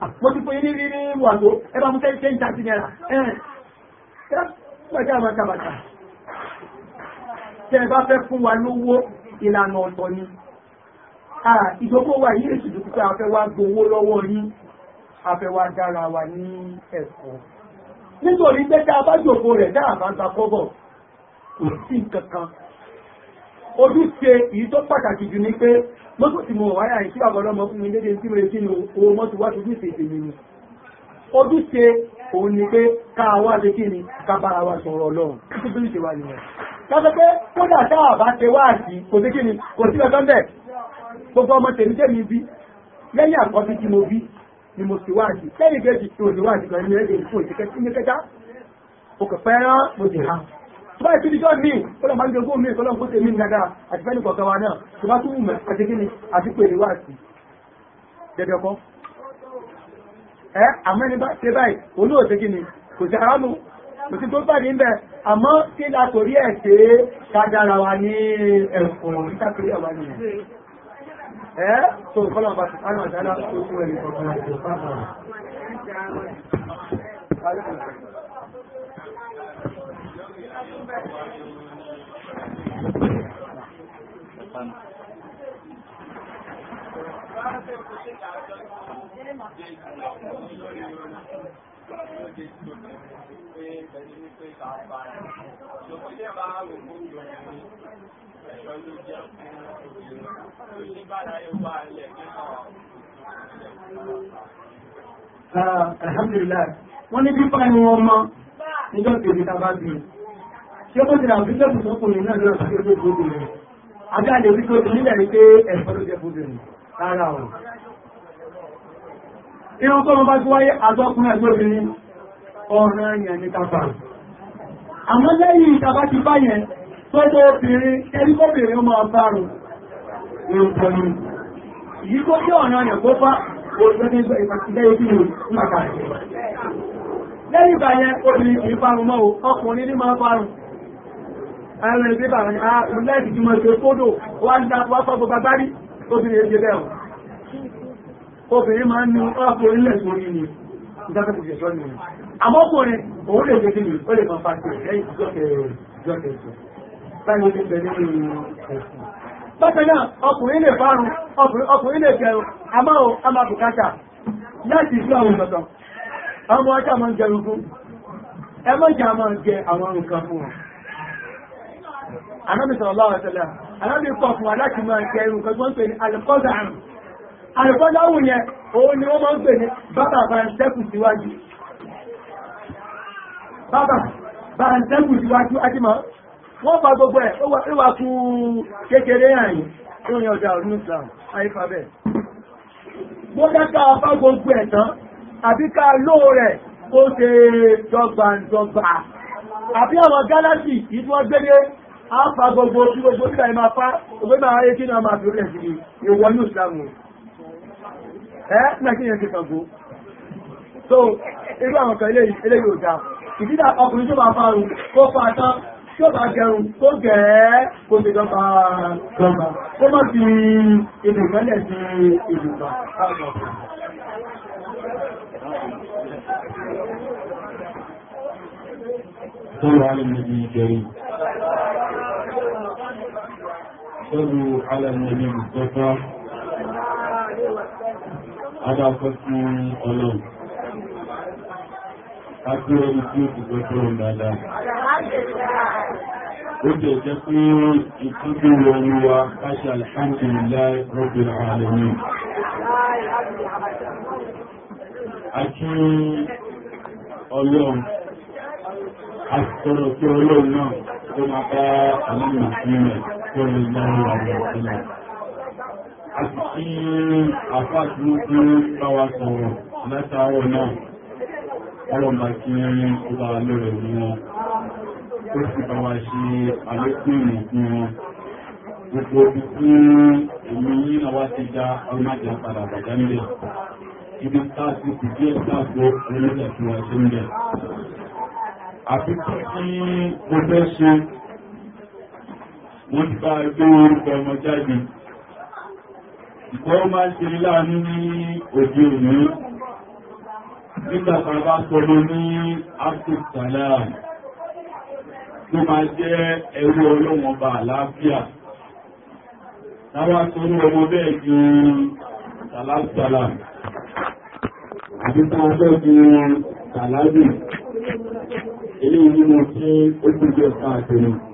mo ti fòye ní rí ní wàgbó ẹ bá mú tẹ́ ṣe ń tàbí náírà ẹ̀ẹ́n gbàjá àwọn kàbàkà tẹ́ ẹ bá fẹ́ fún wa lówó ìlànà ọ̀tọ̀ ni ìjọba wa yìí èsì tó kúta afẹ́ wa gbowó lọ́wọ́ yín afẹ́ wa dára wa ní ẹ̀kọ́ nítorí pé tá a bá jòkó rẹ̀ dáàbá ń ta kọ́bọ̀ kò sí nǹkan kan ojúṣe èyí tó pàtàkì jù ní pé mọ́tò tí mo wáyà yìí tí bàbá ọlọ́mọ fún mi dédé tí mo lè kí ni owó mọ́tò wá ojúṣe ètèmi ni ojúṣe òun ni pé káà wá lè kí ni ká bára wa sọ̀rọ̀ ọlọ́run títí bí ìṣèwà nìyẹn lọ́sọ pé kódà táà bá ṣe wá àti kò sí kí ni kò sí ọ̀sán bẹ́ẹ̀ gbogbo ọmọ tèmi tèmi bí lẹ́yìn àkọ́bí tí mo bí ni mo sì wáàdì lẹ́yìn kejì tí mo sì wáàdì gan ni ẹ̀jẹ̀ ìfún ìṣẹ́kẹ́ sí ní kẹta òkè fẹ́ràn mo sì hàn bá ìpí ìjọ ní ọlọ́ máa ń jogún mi ìtọ́lọ́ fún tèmi nàdá àti fẹ́ nìkọ̀ọ̀kan wa náà tó bá tún mẹ́ àti kí ni àti pé ìwà sí dẹ̀dẹ̀ kọ́ ẹ àmẹ́ni bá ṣe báyìí olóòtú kí ni kò sí aráàlú kò sí tó bàdí ń bẹ àmọ́ kí la torí ẹ̀ ṣe kájára wa ní ẹ̀kọ́ ìtàkùrí ẹ̀wà kan. Ah, alhamdulillah, wọ́n ní bí fáìmù ọmọ níjọ́ kèrè tàbá bí. Ṣé ó bọ́ ti rà bí lẹ́kùn tó kùnrin náà lọ́rọ̀ sí ẹgbẹ́ ìgbógun rẹ̀? agbáde wípé onílẹ̀ ní pé ẹ̀fọ́ ló jẹ́ fúnbìnrin rárá o irun tó mọ bá tí wáyé àtọ́kùnrin àgbóbìnrin ọ̀ràn yẹn ní kápá àmọ́ lẹ́yìn ìtàbá ti bá yẹn tó tó obìnrin ẹni kóbìnrin ó máa bárò irun tó ní yìí tó jẹ́ ọ̀ràn yẹn kó bá lẹ́yìn ìgbà yẹn obìnrin kì í bárò mọ́ ọkùnrin ní máa bárò àwọn ẹgbẹ́ bíbà wọn ni a mú jùmọ̀ ṣe fódò ah, wá ń dápọ̀ wá fọ́gbọ̀ obìnrin èdè bẹ́ẹ̀ obìnrin máa ń nu ah, ọkùnrin lẹ̀ sórí ni ìdákẹ́kẹ́ ìṣọ́ ni àmọ́kùnrin òun lè ṣe kíni ó lè máa fàṣẹ lẹ́yìn ìjọkẹ̀ ìjọkẹ̀ báyìí ó ti bẹ̀rẹ̀ nínú ẹ̀sìn anábì sọ̀rọ̀ lọ́wọ́ ẹ̀sẹ̀lẹ̀ anábì kọ̀ fún wa láti máa jẹ irun kan wọ́n pè ní alùpọ́dà àrùn alùpọ́dà àrùn yẹn òun ni wọ́n máa ń pè ní bàbà bàǹtẹ́kù síwájú bàbà bàǹtẹ́kù síwájú ájímọ́ wọ́n bá gbogbo ẹ̀ ìwà kú kékeré àyìn tó ní ọjà ọdún Islam ayífàbẹ̀ bó dáká bá gbogbo ẹ̀ tán àbí ká lóò rẹ̀ kó ṣe dọ́gbàǹdọ́gbà àbí àwọn gálásì ìdí wọ́n gbẹ́gbẹ́ a pa gbogbo tí gbogbo nígbà ìmá pa gbogbo ìmá ayé kí ní ọmọ àfihàn ìsìnkú ìwọ ní ìsìlámù ẹ́ mẹ́kí yẹn ti kàgbó so irú àwọn kan eléyìí ò dá ìdídà ọkùnrin tó máa farun kó fa tán tí ó bá gẹrun kó gẹ̀ẹ́ kó ti dọ́gba dọ́gba kó má fi ìlú mẹ́lẹ̀ sí ìlú kan. صلوا على النبي الكريم صلوا على النبي المصطفى على فصل قلوب Àti ẹni tí ó ti gbọ́jọ́ ìdàdà. Ó jẹ́ jẹ́ pé ìtúgbò orí wa káṣẹ alhamdulillah rabbil alamin. Àti ọlọ́run, àti sọ̀rọ̀ sí ọlọ́run náà tó máa bá àlúmọ̀ sí rẹ̀ sallallahu alaihi wa sallam àti tí àfáàtúrú tí ó báwa sọ̀rọ̀ látàárọ̀ náà ọlọ́ máa kí ẹni tó bá lọ́rẹ̀ ní wọn ó sì bá wa ṣe àlékún ìmọ̀ fún wọn gbogbo ibi tí èmi yí àwa ti dá ọmọdé padà bàjá nílẹ̀ ibi wọ́n ti bá gbé orúkọ ọmọ jáde ìkọ́ máa ń ṣe láàánú ní òde òní nígbà kan bá sọ́lọ ní Abdulsalam tó máa jẹ́ ẹrú ọlọ́wọ́n bá àlàáfíà táwa sọ́lọ ọmọ bẹ́ẹ̀ ju Salam àti táwa fẹ́ ju Salabi eléyìí nínú tí ó ti jẹ́